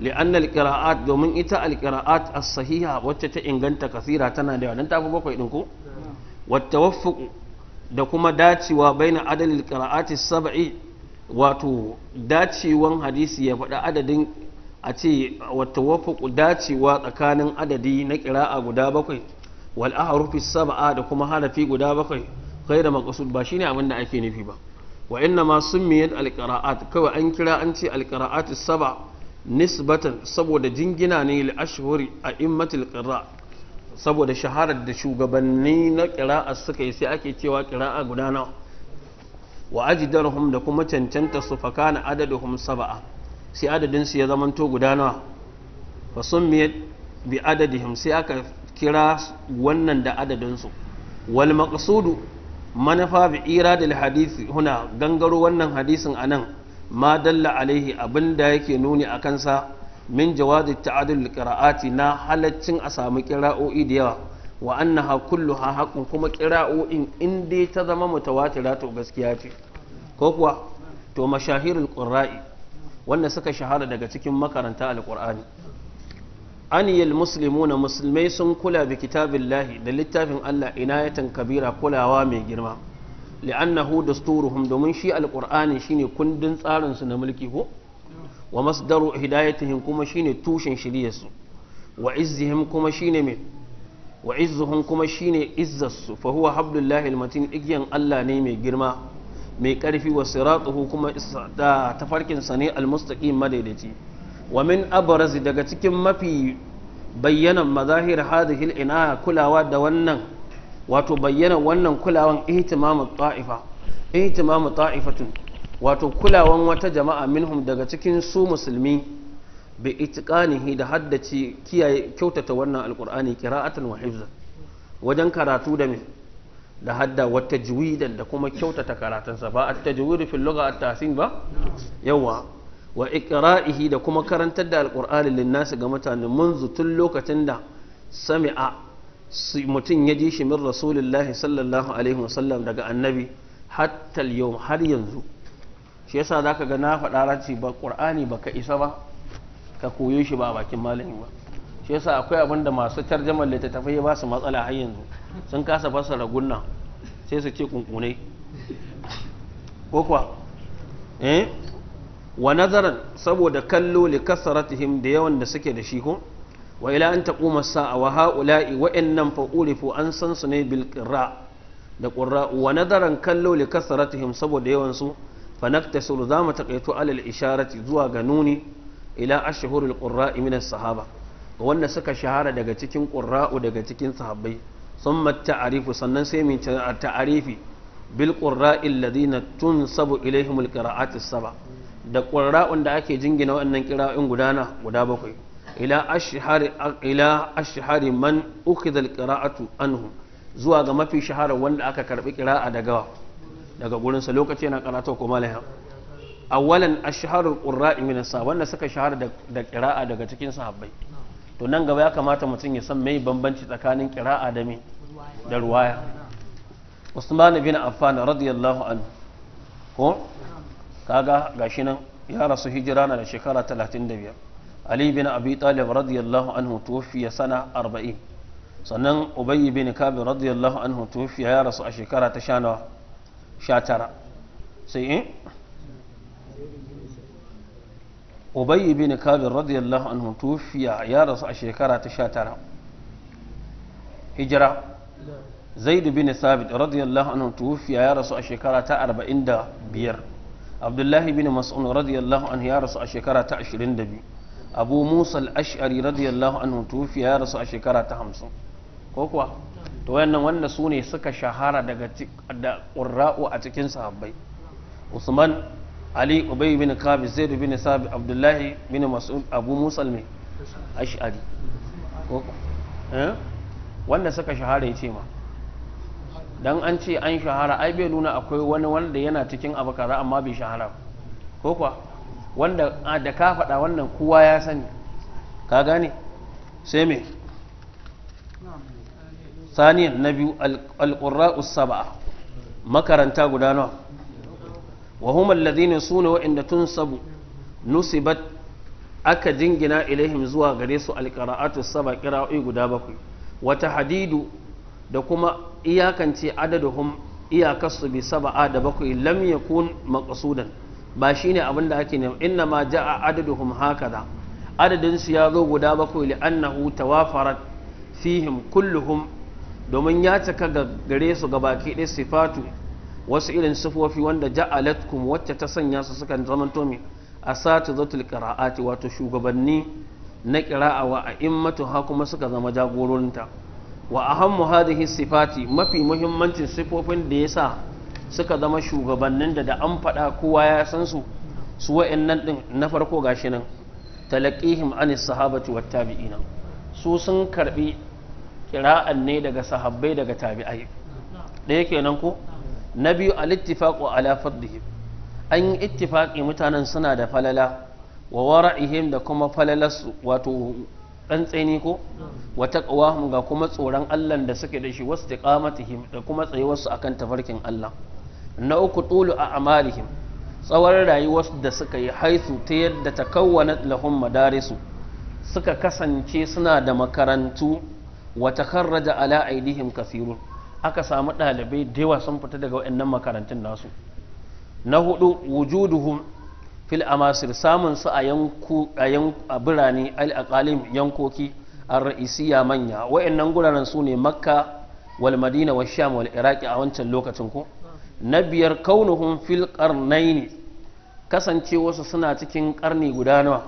li'anna al-qira'at domin ita al-qira'at as-sahiha wacce ta inganta kasira tana da yawa tafi bakwai din ku. wa tawaffuq da kuma dacewa baina adadin qira'ati as-sab'i wato dacewan hadisi ya faɗa adadin a ce wa tawaffuq dacewa tsakanin adadi na qira'a guda bakwai wal ahrufi sab'a da kuma harafi guda bakwai ghayra maqsud ba shine abin da ake nufi ba wa inna ma summiyat al qira'at kawai an kira an ce al qira'at sab'a nisbatan saboda jingina ne li ashhuri a'immatil qira' saboda shaharar da shugabanni na qira'a suka yi sai ake cewa qira'a guda nawa wa ajdarhum da kuma cancanta su fakana adaduhum sab'a sai adadin su ya zamanto guda nawa fa summiyat bi adadihim sai aka kira wannan da adadinsu wal maqsudu manufa bi iradil hadisi huna gangaro wannan hadisin anan ma dalla alaihi abinda yake nuni a kansa min jawazi ta'adul qira'ati na halaccin a samu qira'o'i da yawa wa annaha kulluha haqqun kuma qira'o'in in dai ta zama mutawatira to gaskiya ce ko kuwa to mashahirul qurra'i wanda suka shahara daga cikin makaranta alqur'ani aniyal muslimuna musulmai sun kula bi lahi da littafin Allah inayatan kabira kulawa mai girma li'annahu dasturuhum domin shi alqur'ani shine kundin tsarin su na mulki ko wa masdaru hidayatihim kuma shine tushen shiriyarsu wa izzihim kuma shine mai wa izzuhum kuma shine izzarsu fa huwa hablullahi almatin igiyan Allah ne mai girma mai karfi wa siratuhu kuma da tafarkin sa ne almustaqim madaidaici wa min abrazi daga cikin mafi bayyanan mazahir hada al kulawa da wannan wato bayyana wannan kulawan ihtimamu wato kulawan wata jama'a minhum daga cikin su musulmi bi itiqanihi da haddace kiyaye kyautata wannan alqur'ani qira'atan wa hifzan wajen karatu da me da hadda wata tajwidan da kuma kyautata karatunsa ba at-tajwid fil lugha at ba yawa wa iqra'ihi da kuma karantar da alqur'ani linnasi ga mutane munzu tun lokacin da sami'a mutum ya ji shi min rasulullahi sallallahu alaihi wasallam daga annabi hattal yau har yanzu shi yasa zaka ga na faɗa ranci ba qur'ani baka isa ba ka koyo shi ba bakin malami ba shi yasa akwai abin da masu tarjamar littattafai ba su matsala har yanzu sun kasa fassara gunna sai su ce kunkune ko kuwa eh wa nazaran saboda kallo li kasaratihim da yawan da suke da shi ko wa ila an taquma sa'a wa haula'i wa innam fa ulifu an san su ne bil qirra da qurra wa nazaran kallo li kasaratihim saboda yawan su fa naktasiru za mu taqaitu alal isharati zuwa ga nuni ila ashhurul qurra'i min as-sahaba wanda suka shahara daga cikin qurra'u daga cikin sahabbai ثم التعريف sannan sai mu ta'arifi bil qurra'i tun tunsabu ilaihim saba da ƙwararra'un da ake jingina waɗannan ƙira'un gudana guda bakwai ila ashhari ila ashhari man ukhidha alqira'atu anhu zuwa ga mafi shahara wanda aka karɓi ƙira'a daga daga gurin sa lokaci yana karatu ko malaha awalan ashharul qurra'i min sa wanda suka shahara da ƙira'a daga cikin sahabbai to nan gaba ya kamata mutum ya san mai bambanci tsakanin ƙira'a da me da ruwaya Usman bin Affan radiyallahu anhu ko kaga gashi nan ya rasu hijira na da shekara 35 ali bin abi talib radiyallahu anhu tuwfi ya sana 40 sannan ubay bin kabi radiyallahu anhu tuwfi ya rasu a shekara ta sha 19 sai in ubay bin kabi radiyallahu anhu tuwfi ya rasu a shekara ta 19 hijira zaid bin sabit radiyallahu anhu tuwfi ya rasu a shekara ta 45 abdullahi bin mas'ud radiyallahu anhu ya rasu a shekara ta 22 abu musa al-ash'ari radiyallahu anhu tufi ya rasu a shekara ta 50 ko kuwa to wannan wanda su ne suka shahara daga da qurra'u a cikin sahabbai usman ali ubay bin kabi zaid bin sabi abdullahi bin mas'ud abu musa al-ash'ari eh? wanda suka shahara ya ce ma dan an ce an shahara ai bai nuna akwai wani wanda yana cikin abu kaza amma bai shahara ko kuwa wanda da ka faɗa wannan kowa ya sani ka gane sai me saniyan na biyu alƙurra usaba makaranta guda nawa wa huma alladhina sunu wa inda tunsabu nusibat aka jingina ilaihim zuwa gare su alqira'atu saba qira'o'i guda bakwai wata hadidu da kuma iyakance adaduhum iyakarsu bi saba'a da bakwai lam yakun maqsudan ba shine abin da ake nema inna ma ja'a adaduhum hakaza adadin su ya zo guda bakwai li annahu tawafarat fihim kulluhum domin ya cika ga gare su baki ɗaya sifatu wasu irin sifofi wanda ja'alatkum wacce ta sanya su sukan zamanto mai zatul qira'ati wato shugabanni na qira'a wa a'immatu ha kuma suka zama jagoronta wa ahammu hadhihi sifati mafi muhimmancin sifofin da ya sa suka zama shugabannin da da an faɗa kowa ya san su su wa'annan din na farko gashi nan talaqihim anis sahabati wat tabi'in su sun karbi kira'an ne daga sahabbai daga tabi'ai ɗaya kenan ko na biyu al wa ala fadlihim an yi ittifaqi mutanen suna da falala wa wara'ihim da kuma falalas wato dan tsaini ko wa taqwahum ga kuma tsoron Allah da suke da shi wasu da kuma tsayuwarsu akan tafarkin Allah na uku tulu a amalihim tsawon rayuwarsu da suka yi haisu ta yadda ta kawwana lahum madarisu suka kasance suna da makarantu wa takarraja ala aidihim kasirun aka samu ɗalibai da yawa sun fita daga waɗannan makarantun nasu na hudu wujuduhum fil amasir samun su a yanku birane al-aqalim yankoki ar ra'isiya manya wayannan guraren su ne makka wal madina wal sham wal iraqi a wancan lokacin ku. na biyar kaunuhun fil qarnaini kasance wasu suna cikin karni guda nawa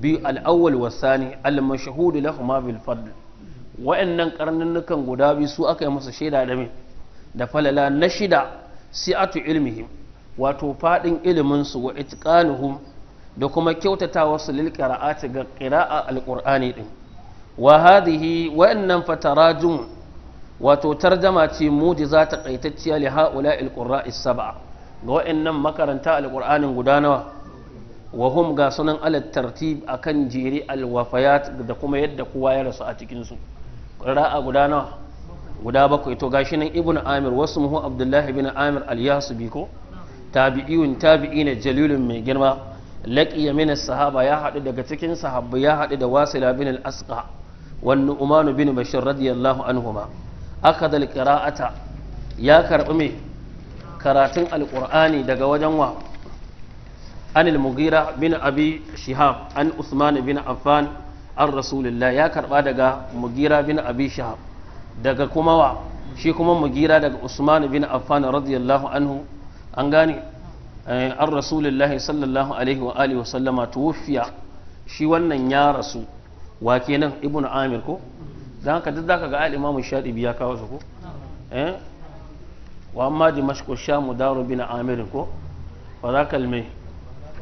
bi al-awwal wasani al-mashhud lahum bil fadl wayannan karnannukan guda biyu su aka yi musu shaida da me da falala na shida si'atu ilmihim wato faɗin iliminsu wa itqanuhum da kuma kyautata wasu lil qira'ati ga qira'a alqur'ani din wa hadhihi wa fatara fatarajum wato tarjama ce za ta kaitacciya li haula alqurra'i sab'a ga wa'annan makaranta alƙur'anin guda nawa wa hum ga sunan ala tartib akan jere alwafayat da kuma yadda kowa ya rasu a cikin su qira'a guda nawa guda bakwai to gashi nan ibnu amir wasu muhu abdullahi bin amir al-yasubi ko tabi'iyun tabi'ina jalilun mai girma laqiya min sahaba ya haɗu daga cikin sahabu ya haɗu da wasila bin al wani wan nu'man bin bashir radiyallahu anhuma aka al-qira'ata ya karbi me karatun alqur'ani daga wajen wa an mugira mughira bin abi shihab an usman bin affan an rasulullah ya karba daga mugira bin abi shihab daga kuma wa shi kuma mugira daga usman bin affan radiyallahu anhu an gane eh, an rasulullahi sallallahu alaihi wa alihi wasallama tuwfiya shi wannan ya rasu wa kenan ibn amir ko dan haka duk zaka ga al shadi shatibi ya kawo su ko eh wa amma dimashq shamu daru bin amir ko fa zaka al-mai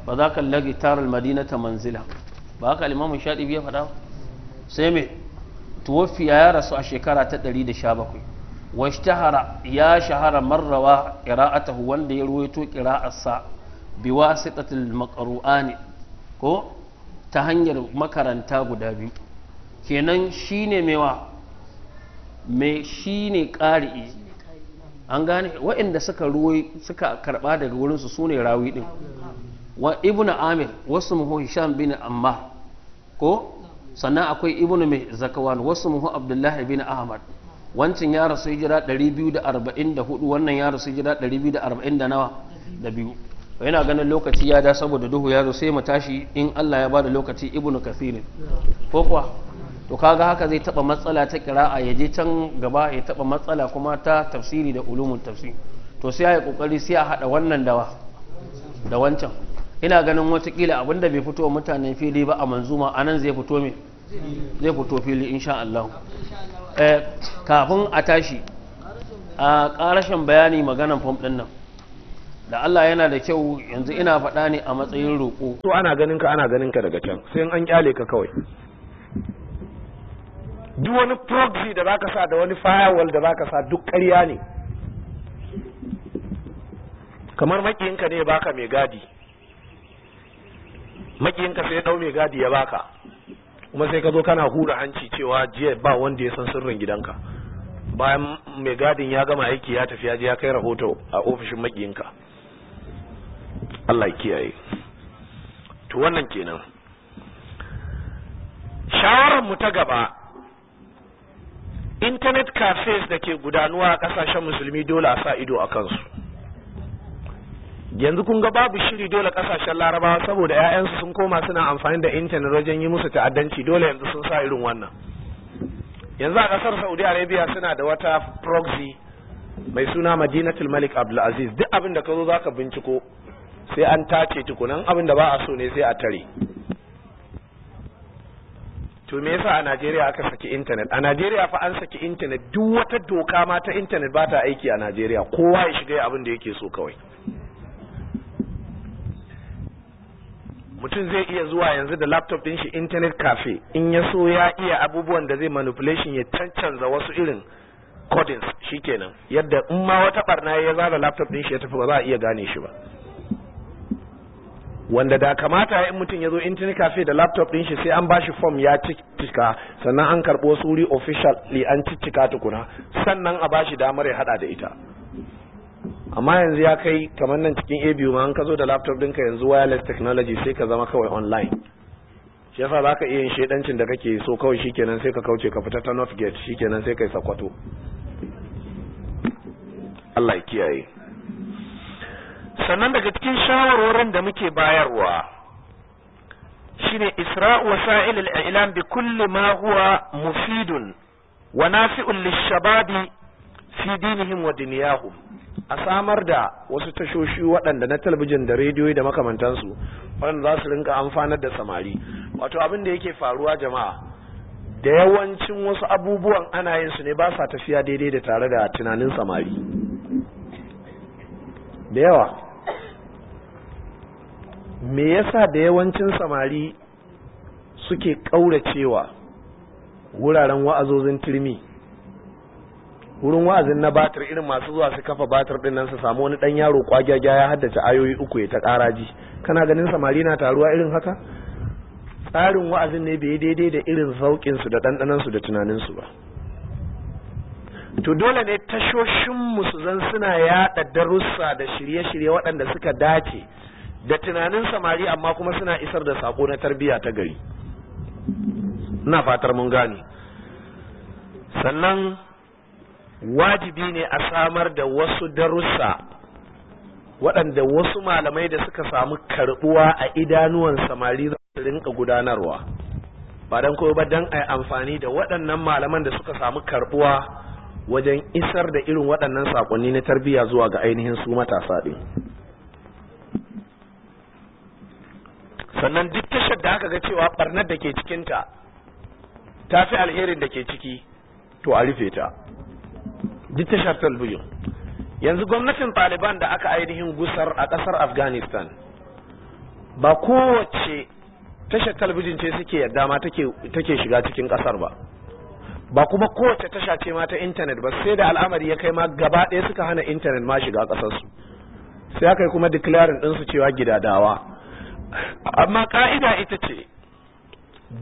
fa zaka tar al-madinata manzila ba haka al shadi shatibi ya sai me tuwfiya ya rasu a shekara ta 117 washtahara ya shahara marrawa qira'atahu wanda ya ruwaito qira'arsa biwasitatil maqru'ani ko ta hanyar makaranta guda biyu kenan shine mewa mai shine qari'i an gane waɗanda suka ruwai suka karba daga wurinsu su ne rawi ɗin wa ibnu amir wasu muhu hisham bin ammar ko sannan akwai ibnu mai zakawan wasu muhu abdullahi bin ahmad wancan ya rasu hijira 244 wannan ya rasu hijira 240 da nawa da biyu yana ganin lokaci ya da saboda duhu ya zo sai mu tashi in Allah ya bada lokaci ibnu kasirin ko kuwa to kaga haka zai taba matsala ta kira ya je can gaba ya taba matsala kuma ta tafsiri da ulumul tafsir to sai ya kokari sai a hada wannan dawa da wancan ina ganin watakila abinda bai fito mutane fili ba a manzuma anan zai fito mai zai fito fili insha Allah eh, kafin a tashi a ƙarashin bayani maganan fom ɗin nan da Allah yana da kyau yanzu ina faɗa ne a matsayin roƙo to ana ganin ka ana ganin ka daga can sai an kyale ka kawai duk wani proxy da zaka sa da wani firewall da zaka sa duk ƙarya ne kamar makiyinka ne baka mai gadi makiyinka sai dau mai gadi ya baka kuma sai ka zo kana hura hanci cewa jiya ba wanda ya san sirrin gidanka bayan mai gadin ya gama aiki ya tafi ya je ya kai rahoto a ofishin makiyinka Allah kiyaye to wannan kenan shawarar mu ta gaba internet cafes da ke gudanuwa a kasashen musulmi dole a sa ido a kansu yanzu kun ga babu shiri dole kasashen larabawa saboda ƴaƴansu sun koma suna amfani da intanet wajen yi musu ta'addanci dole yanzu sun sa irin wannan yanzu a kasar saudi arabia suna da wata proxy mai suna madinatul malik abdulaziz duk abin da ka zo zaka binciko sai an tace tukunan abin da ba a so ne sai a tare to me yasa a najeriya aka saki intanet a najeriya fa an saki intanet duk wata doka ma ta intanet ba ta aiki a najeriya kowa ya shiga abin da yake so kawai mutum zai iya zuwa yanzu da laptop din shi internet cafe in ya so ya iya abubuwan da zai manipulation ya cancanza wasu irin codings kenan. yadda in ma wata barna ya zara laptop din shi ya tafi ba za a iya gane shi ba wanda da kamata in mutum ya zo internet cafe da laptop din shi sai an bashi form ya cika sannan an karɓo suri officially an cika tukuna sannan a bashi damar ya hada da ita amma yanzu ya kai kamar nan cikin abu ma an ka zo da laptop ɗinka yanzu wireless technology sai ka zama kawai online shi yasa za ka iya yin shedancin da kake so kawai shikenan sai ka kauce ka fita ta north gate shikenan sai kai sakwato Allah ya kiyaye sannan daga cikin shawarwarin da muke bayarwa shine isra'u wasa'il al-i'lam bi kulli ma huwa mufidun wa nafi'un lish-shababi fi dinihim wa dunyahum a samar da wasu tashoshi waɗanda na talabijin da rediyo da makamantansu waɗanda za su rinka amfanar da samari wato abin da yake faruwa jama'a da yawancin wasu abubuwan ana yin su ne ba sa tafiya daidai da tare da tunanin samari da yawa me yasa da yawancin samari suke ƙauracewa wuraren wa'azozin turmi wurin wa'azin na batir irin masu zuwa su kafa batir din nan su samu wani dan yaro kwagyagya ya haddace ayoyi uku ya ta karaji kana ganin samari na taruwa irin haka tsarin wa'azin ne bai daidai da irin zaukin su da dandanan su da tunanin su ba to dole ne tashoshin mu su zan suna yada darussa da shirye-shirye waɗanda suka dace da tunanin samari amma kuma suna isar da sako na tarbiyya ta gari ina fatar mun gane sannan wajibi ne a samar da wasu darussa waɗanda wasu malamai da suka samu karɓuwa a idanuwan samari za su rinka gudanarwa ba don koyo ba don a yi amfani da waɗannan malaman da suka samu karɓuwa wajen isar da irin waɗannan saƙonni na tarbiyya zuwa ga ainihin su matasa ɗin sannan duk tashar da aka ga cewa ɓarnar da ke cikinta ta fi alherin da ke ciki to a rufe ta duk tashar talbiyo yanzu gwamnatin taliban da aka ainihin gusar a kasar afghanistan ba kowace tashar talbijin ce suke yadda ma take shiga cikin ƙasar ba ba kuma kowace tasha ce ma ta intanet ba sai da al'amari ya kai ma gaba ɗaya suka hana intanet ma shiga su. sai aka yi kuma declaring ɗinsu cewa gidadawa amma ƙa'ida ita ce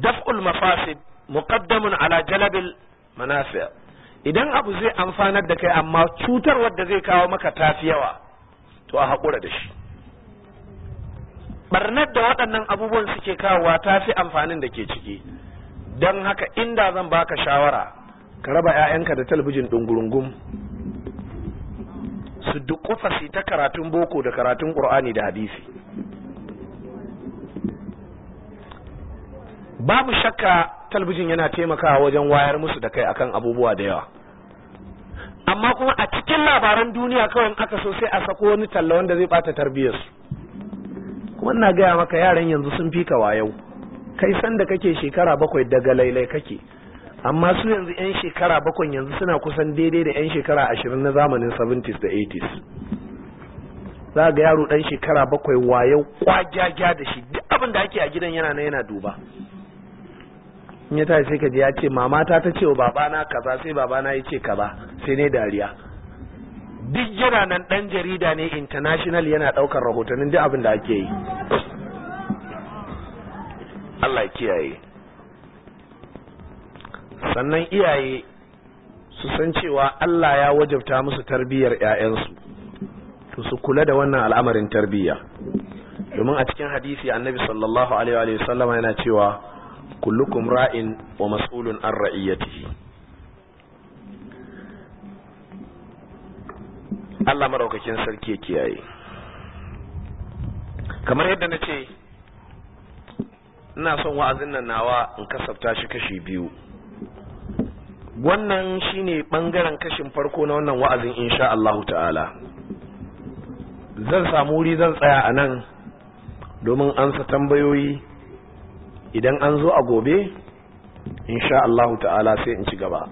daf'ul mafasid muqaddamun ala jalabil manafi' idan abu zai amfanar da kai amma cutar wadda zai kawo maka tafi yawa to a haƙura da shi Ɓarnar da waɗannan abubuwan suke kawowa ta fi amfanin da ke ciki don haka inda zan baka shawara ka raba 'ya'yanka da talabijin ɗungurungun su duƙufa su ta karatun boko da karatun ƙur'ani da hadisi babu shakka talbijin yana taimakawa wajen wayar musu da kai akan abubuwa da yawa amma kuma a cikin labaran duniya kawai aka so sai a sako wani talla wanda zai bata tarbiyyarsu kuma ina gaya maka yaran yanzu sun fi ka wayau kai san da kake shekara bakwai daga lailai kake amma su yanzu 'yan shekara bakwai yanzu suna kusan daidai da 'yan shekara ashirin na zamanin 70s da 80s za ga yaro dan shekara bakwai wayo kwagyaga da shi duk abin da ake a gidan yana na yana duba in ya tashi sai ka ya ce mama ta ta ce wa babana kaza sai babana ya ce kaza sai ne dariya duk yana nan dan jarida ne international yana daukar rahotannin duk abin da ake yi Allah kiyaye sannan iyaye su san cewa Allah ya wajabta musu tarbiyyar 'ya'yansu to su kula da wannan al'amarin tarbiyya domin a cikin hadisi annabi sallallahu alaihi wa sallama yana cewa kullukum ra'in wa mas'ulun an ra'iyatihi Allah maraukakin sarki ya kiyaye kamar yadda na ce ina son wa'azin nan nawa in kasafta shi kashi biyu wannan shine bangaren kashin farko na wannan wa'azin insha Allahu ta'ala zan samu wuri zan tsaya a nan domin ansa tambayoyi idan an zo a gobe insha Allahu ta'ala sai in ci gaba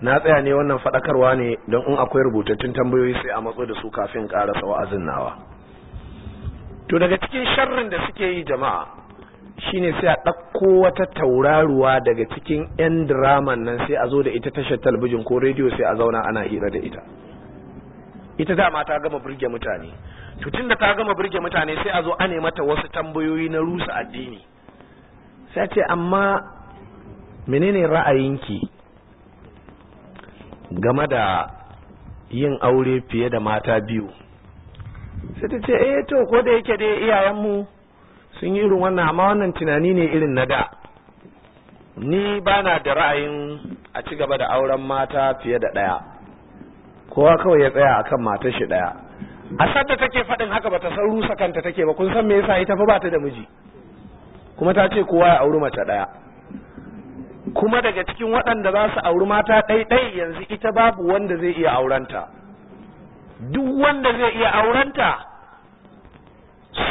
na tsaya ne wannan fadakarwa ne don in akwai rubutattun tambayoyi sai a matso da su kafin karasa wa'azin nawa to daga cikin sharrin da suke yi jama'a shine sai a ɗauko wata tauraruwa daga cikin 'yan diraman nan sai a zo da ita tashar talabijin ko rediyo sai a zauna ana hira da ita ita dama ta gama burge mutane to da ta gama burge mutane sai a zo a mata wasu tambayoyi na rusa addini sai ce amma menene ra'ayinki game da yin aure fiye da mata biyu sai ta ce eh to ko da yake dai iyayenmu sun yi irin wannan amma wannan tunani ne irin na da ni bana da ra'ayin a ci gaba da auren mata fiye da ɗaya kowa kawai ya tsaya akan matar shi ɗaya a sadda take faɗin haka bata san rusa kanta take ba kun san me yasa ita fa bata da miji kuma ta ce kowa ya auri mace ɗaya kuma daga cikin waɗanda za su auri mata ɗaiɗai yanzu ita babu wanda zai iya aurenta duk wanda zai iya aurenta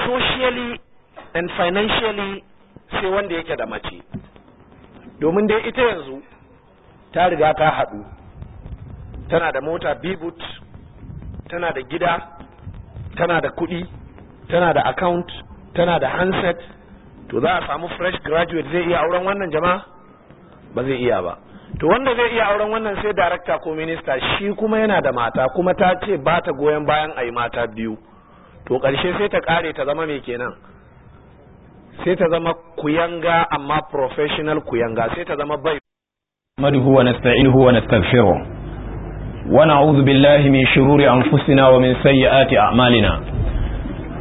socially and financially sai wanda yake da mace domin dai ita yanzu ta riga ta haɗu tana da mota bibut tana da gida tana da kuɗi tana da account tana da handset to za a samu fresh graduate zai iya auren wannan jama'a ba zai iya ba to wanda zai iya auren wannan sai darakta ko minista shi kuma yana da mata kuma ta ce ba ta goyon bayan a yi mata biyu to ƙarshe sai ta ƙare ta zama mai kenan sai ta zama kuyanga amma professional kuyanga sai ta zama bai nastaghfiru wa na'udhu billahi min shururi anfusina wa min sayyiati a'malina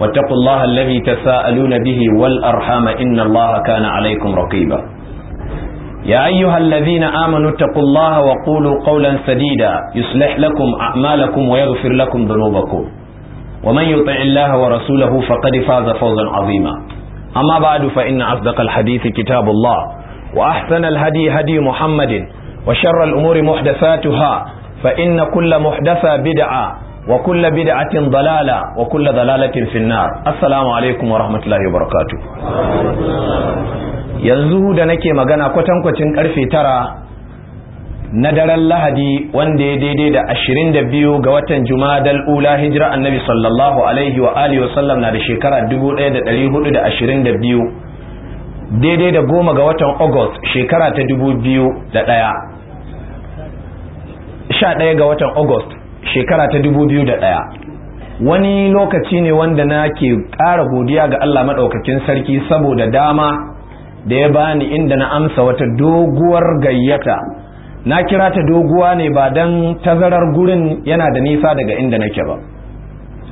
واتقوا الله الذي تساءلون به والأرحام إن الله كان عليكم رقيبا يا أيها الذين آمنوا اتقوا الله وقولوا قولا سديدا يصلح لكم أعمالكم ويغفر لكم ذنوبكم ومن يطع الله ورسوله فقد فاز فوزا عظيما أما بعد فإن أصدق الحديث كتاب الله وأحسن الهدي هدي محمد وشر الأمور محدثاتها فإن كل محدثة بدعة wa kulla bid'atin dalala wa kulla dalalatin finnar assalamu alaikum wa rahmatullahi wa barakatuh yanzu da nake magana kwatankwacin karfe tara na daren lahadi wanda ya daidai da ashirin da biyu ga watan jumadal ula hijira annabi sallallahu alaihi wa alihi wa sallam na da shekara dubu ɗaya da ɗari hudu da ashirin da biyu daidai da goma ga watan august shekara ta dubu biyu da ɗaya sha ɗaya ga watan august shekara ta dubu biyu da ɗaya wani lokaci ne wanda na ke ƙara godiya ga Allah maɗaukakin sarki saboda dama da ya bani inda na amsa wata doguwar gayyata na kira ta doguwa ne ba don tazarar gurin yana da nisa daga inda nake ba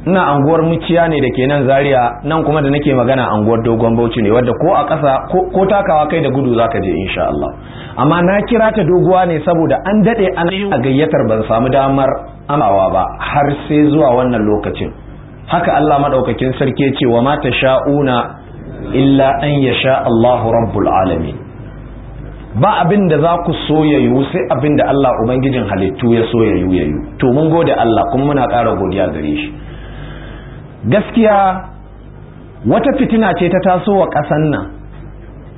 ina anguwar muciya ne da ke nan Zariya nan kuma da nake magana anguwar dogon bauchi ne wadda ko a ƙasa ko takawa kai da gudu zaka je insha Allah amma na kira ta doguwa ne saboda an daɗe ana gayyatar ban samu damar amawa ba har sai zuwa wannan lokacin haka Allah madaukakin sarki ce wa mata sha'una illa an yasha Allahu rabbul alamin ba abin da za ku so ya sai abin da Allah ubangijin halittu ya so ya yayu to mun gode Allah kuma muna ƙara godiya gare shi gaskiya wata fitina ce ta taso wa ƙasan nan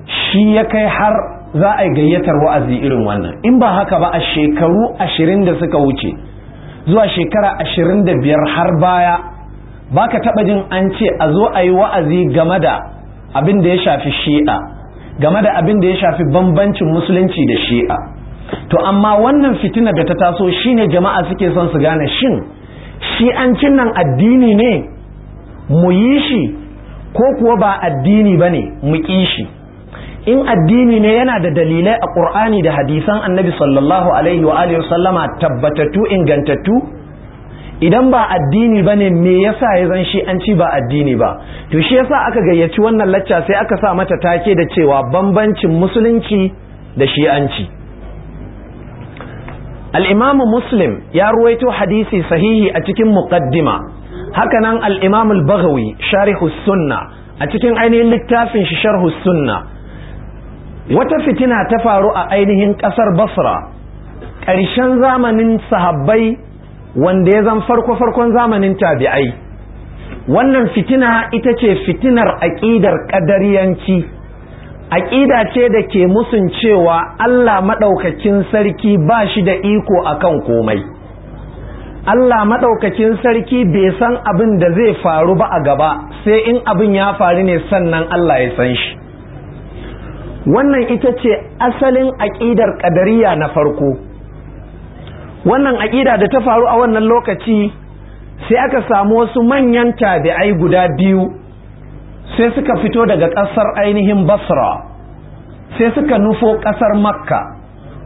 shi ya kai har za a yi gayyatar wa'azi irin wannan in ba haka ba a shekaru ashirin da suka wuce zuwa shekara ashirin da biyar har baya ba ka taɓa jin an ce a zo a yi wa'azi game da abin da ya shafi shi'a game da abin da ya shafi bambancin musulunci da shi'a to amma wannan fitina da ta taso shine jama'a suke son su gane shin shi'ancin nan addini ne mu yi shi ko kuwa ba addini ba ne mu ƙi shi in addini ne yana da dalilai a ƙur'ani da hadisan annabi sallallahu alaihi wa sallama tabbatattu ingantattu idan ba addini ba ne me yasa ya zan shi an ci ba addini ba to shi yasa aka gayyaci wannan lacca sai aka sa mata take da cewa bambancin musulunci da shi'anci al-imamu muslim ya ruwaito hadisi sahihi a cikin muqaddima haka nan al-imam al-baghawi husunna sunna a cikin ainihin littafin shi sharhu sunna wata fitina ta faru a ainihin kasar basra ƙarshen zamanin sahabbai wanda ya zan farko farkon zamanin tabi'ai wannan fitina ita ce fitinar aƙidar ƙadariyanci aƙida ce da ke musun cewa Allah maɗaukakin sarki ba shi da iko akan komai Allah maɗaukakin sarki bai san abin da zai faru ba a gaba sai in abin ya faru ne sannan Allah ya san shi wannan ita ce asalin aƙidar ƙadariya na farko wannan aƙida da ta faru a wannan lokaci sai aka samu wasu manyan tabi'ai guda biyu sai suka fito daga ƙasar ainihin basra sai suka nufo ƙasar makka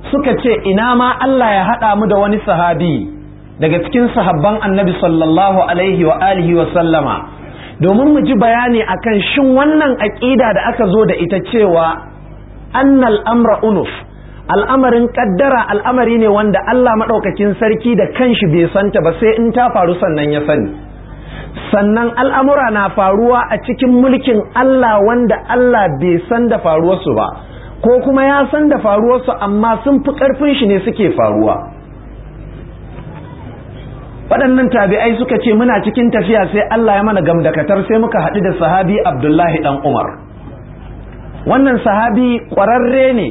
suka ce ina ma Allah ya haɗa mu da wani sahabi daga cikin sahabban annabi sallallahu alaihi wa alihi wa sallama domin mu ji bayani akan shin wannan aƙida da aka zo da ita cewa annal amra unuf al'amarin kaddara al'amari ne wanda Allah maɗaukakin sarki da kanshi bai santa ba sai in ta faru sannan ya sani sannan al'amura na faruwa a cikin mulkin Allah wanda Allah bai san da faruwarsu ba ko kuma ya san da faruwarsu amma sun fi ƙarfin shi ne suke faruwa waɗannan tabi'ai suka ce muna cikin tafiya sai Allah ya mana gamdakatar sai muka haɗu da sahabi Abdullahi ɗan Umar wannan sahabi ƙwararre ne